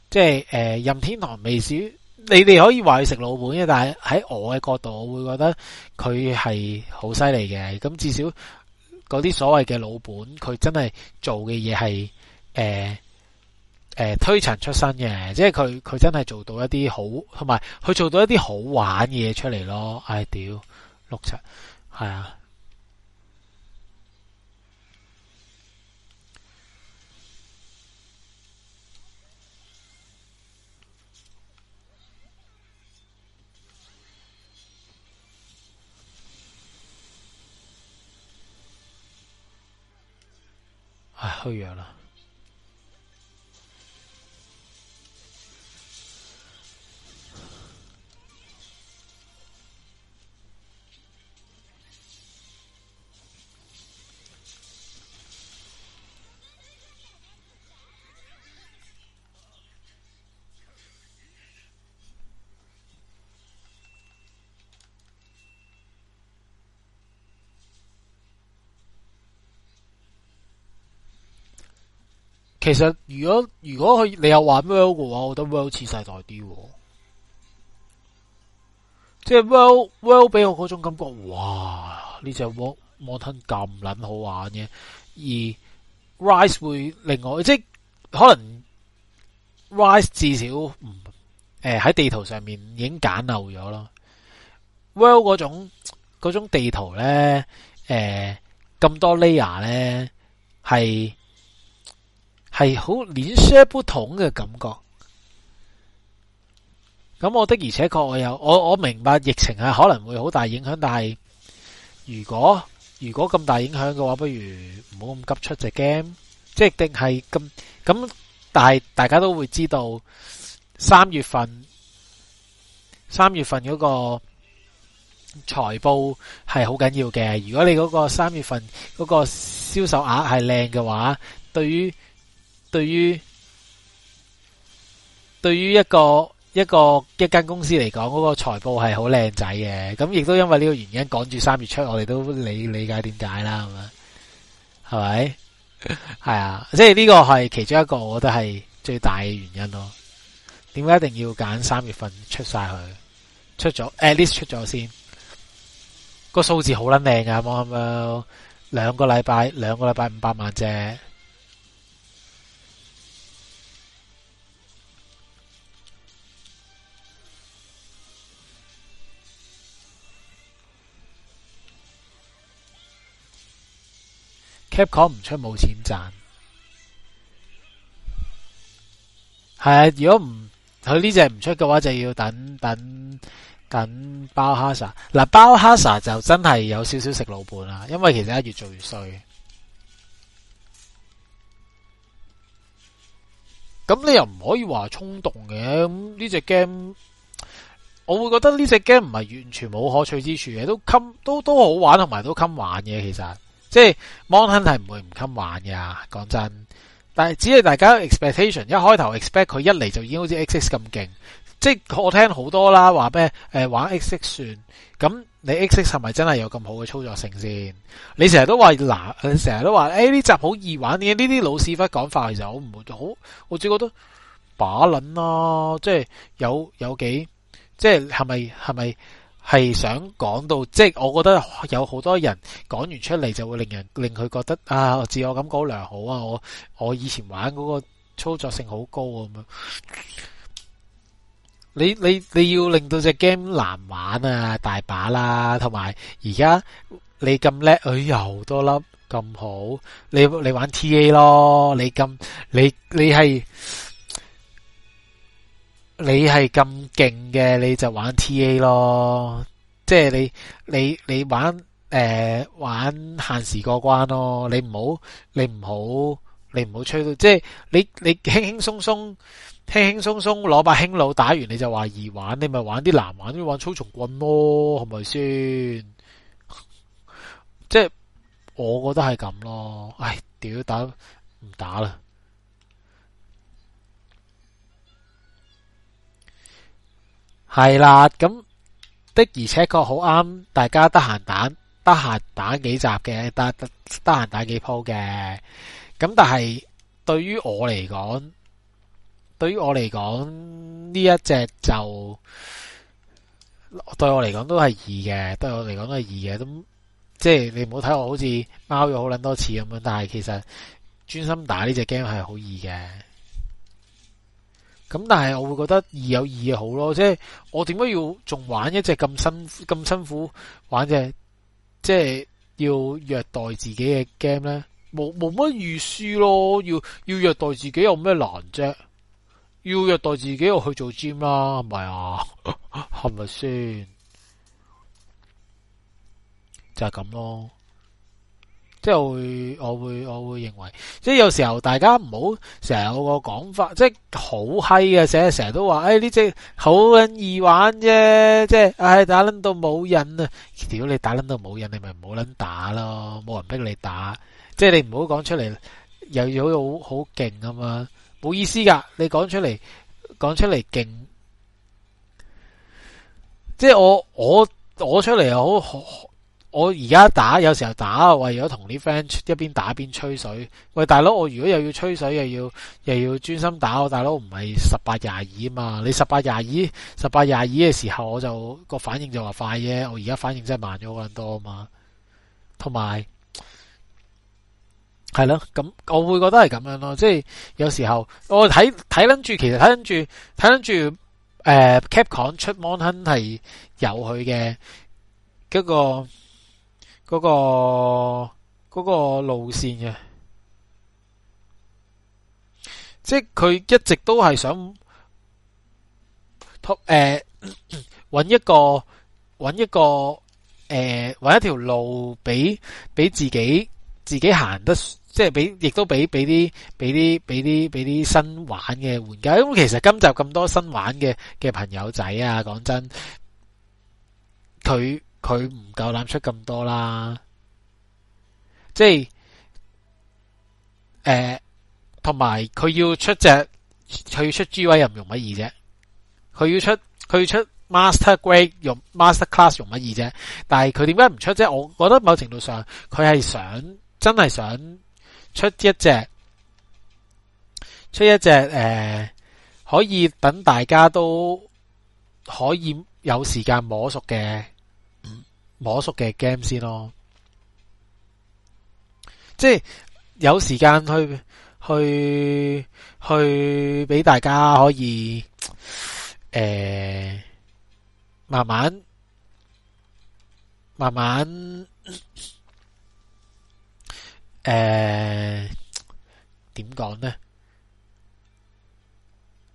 即係，誒、呃，任天堂未少，你哋可以話佢食老本嘅，但係喺我嘅角度我會覺得佢係好犀利嘅，咁至少嗰啲所謂嘅老本的的，佢真係做嘅嘢係誒。誒、呃，推陳出新嘅，即係佢佢真係做到一啲好，同埋佢做到一啲好玩嘢出嚟咯。唉、哎，屌六七係啊、哎，唉，虛弱啦。其實如果如果佢你又玩 World 嘅話，我覺得 World 似世代啲，即係 World World 俾我嗰種感覺，哇！呢隻 Monhun 咁撚好玩嘅，而 Rise 會另外即可能 Rise 至少唔誒喺地圖上面已經簡陋咗咯。World 嗰種嗰種地圖咧，誒、呃、咁多 layer 咧係。是係好連靴不同嘅感覺，咁我的而且確我有我我明白疫情係可能會好大影響，但係如果如果咁大影響嘅話，不如唔好咁急出隻 game，即係定係咁咁大，但大家都會知道三月份三月份嗰個財報係好緊要嘅。如果你嗰個三月份嗰個銷售額係靚嘅話，對於對於對於一個一個一間公司嚟講，嗰個財報係好靚仔嘅，咁亦都因為呢個原因趕住三月出，我哋都理理解點解啦，係咪？係咪？係啊，即係呢個係其中一個，我覺得係最大嘅原因咯。點解一定要揀三月份出晒佢？出咗，at least 出咗先。個數字好捻靚啊，咁樣兩個禮拜，兩個禮拜五百萬啫。Capcom 唔出冇錢賺、啊，係如果唔佢呢隻唔出嘅話，就要等等等包哈薩嗱包哈薩就真係有少少食老本啦，因為其實越做越衰。咁你又唔可以話衝動嘅咁呢隻 game，我會覺得呢隻 game 唔係完全冇可取之處嘅，都襟都都好玩，同埋都襟玩嘅其實。即係 Monhun 係唔會唔襟玩㗎。講真。但係只係大家 expectation 一開頭 expect 佢一嚟就已經好似 X 咁勁，即係我聽好多啦，話咩誒玩 X 算咁，你 X 係咪真係有咁好嘅操作性先？你成日都話嗱，你成日都話誒呢集好易玩嘅，呢啲老屎忽講法其實好唔好？好我，我只覺得把捻咯，即係有有幾即係係咪係咪？是係想講到，即係我覺得有好多人講完出嚟，就會令人令佢覺得啊，我自我感覺良好啊！我我以前玩嗰個操作性好高啊咁樣，你你你要令到隻 game 難玩啊，大把啦，同埋而家你咁叻，誒又多粒咁好，你你玩 TA 咯，你咁你你係。你係咁勁嘅，你就玩 T A 咯，即係你你你玩誒、呃、玩限時過關咯，你唔好你唔好你唔好吹到，即係你你輕輕鬆鬆輕輕鬆鬆攞把輕弩打完你，你就話易玩，你咪玩啲難玩啲玩操蟲棍咯，係咪先？ 即係我覺得係咁咯，唉，屌打唔打啦？係啦，咁的而且確好啱，大家得閒打，得閒打幾集嘅，得得閒打幾鋪嘅。咁但係對於我嚟講，對於我嚟講呢一隻就對我嚟講都係易嘅，對我嚟講都係易嘅。咁即係你唔好睇我好似貓咗好撚多次咁樣，但係其實專心打呢隻 game 係好易嘅。咁但係我會覺得易有易好咯，即係我點解要仲玩一隻咁辛咁辛苦玩一隻即係要虐待自己嘅 game 呢？冇冇乜預輸咯，要要虐待自己有咩難啫？要虐待自己又去做 gym 啦，係咪啊？係咪先？就係咁咯。即係會，我會我會認為，即係有時候大家唔好成日有個講法，即係好閪嘅，成日成日都話，誒呢隻好撚易玩啫，即係，唉、哎、打捻到冇癮啊！如果你打捻到冇癮，你咪唔好捻打咯，冇人逼你打，即係你唔好講出嚟又有好好勁啊嘛，冇意思噶，你講出嚟講出嚟勁，即係我我我出嚟又好好。我而家打有時候打，為咗同啲 friend 一邊打一邊吹水。喂，大佬，我如果又要吹水，又要又要專心打，我大佬唔係十八廿二嘛？你十八廿二、十八廿二嘅時候，我就個反應就話快啫。我而家反應真係慢咗好多啊嘛。同埋，係咯，咁我會覺得係咁樣咯。即係有時候我睇睇緊住，其實睇緊住，睇緊住 Capcom 出 monhun 係有佢嘅嗰個。嗰個嗰個路線嘅，即係佢一直都係想拓，誒，揾一個揾一個誒，揾一條路俾俾自己自己行得，即係俾亦都俾俾啲俾啲俾啲俾啲新玩嘅玩家。咁其實今集咁多新玩嘅嘅朋友仔啊，講真，佢。佢唔夠膽出咁多啦，即係誒，同埋佢要出隻，佢出 G 位又唔容乜易啫，佢要出佢要，要出 Master Grade 用 Master Class 容乜易啫，但係佢點解唔出啫？我覺得某程度上佢係想真係想出一隻出一隻誒、呃，可以等大家都可以有時間摸熟嘅。摸熟嘅 game 先咯，即係有時間去去去俾大家可以誒、呃，慢慢慢慢誒，點講咧？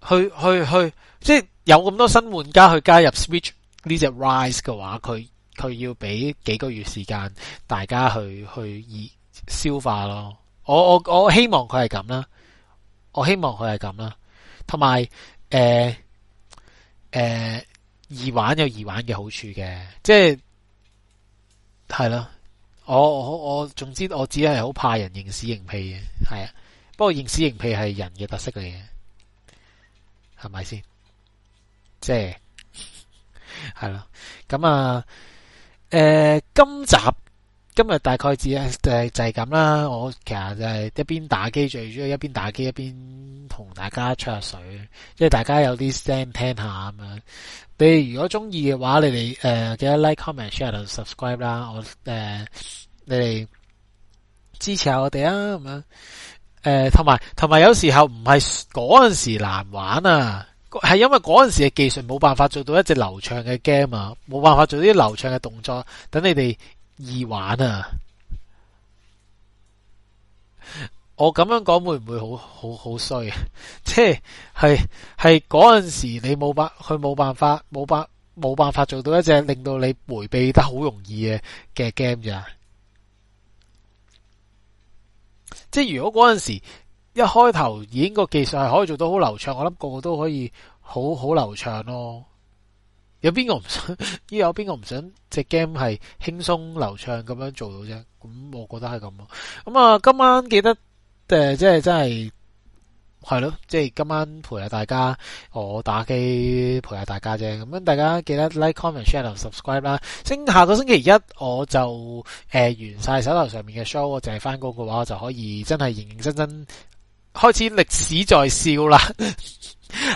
去去去，即係有咁多新玩家去加入 Switch 呢隻 Rise 嘅話，佢。佢要俾幾個月時間大家去去消消化咯，我我我希望佢係咁啦，我希望佢係咁啦，同埋誒誒，易玩有易玩嘅好處嘅，即係係咯，我我我總之我只係好怕人認屎認屁嘅，係啊，不過認屎認屁係人嘅特色嚟嘅，係咪先？即係係啦，咁啊。誒、呃，今集今日大概至誒、呃、就係就係咁啦。我其實就係一邊打機，最主要一邊打機一邊同大家吹下水，即係大家有啲聲聽下咁樣。你如果中意嘅話，你哋誒、呃、記得 like、comment、share subscribe 啦。我誒、呃、你哋支持下我哋啊咁樣。誒，同埋同埋有時候唔係嗰陣時難玩啊。係因為嗰陣時嘅技術冇辦法做到一隻流暢嘅 game 啊，冇辦法做啲流暢嘅動作，等你哋易玩啊！我咁樣講會唔會好好好衰？即係係係嗰陣時你冇辦，佢冇辦法冇辦冇辦法做到一隻令到你回避得好容易嘅嘅 game 咋？即係如果嗰陣時。一開頭已經個技術係可以做到好流暢，我諗個個都可以好好流暢咯。有邊個唔想？依有邊個唔想隻 game 係輕鬆流暢咁樣做到啫？咁我覺得係咁咯。咁啊，今晚記得誒、呃，即係真係係咯，即係今晚陪下大家，我打機陪下大家啫。咁樣大家記得 like、 comment、share 同 subscribe 啦。星下個星期一我就誒、呃、完曬手頭上面嘅 show，我淨係翻工嘅話，我就可以真係認認真真。開始歷史在笑啦，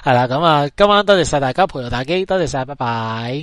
係啦，咁啊，今晚多謝晒大家陪我打機，多謝晒，拜拜。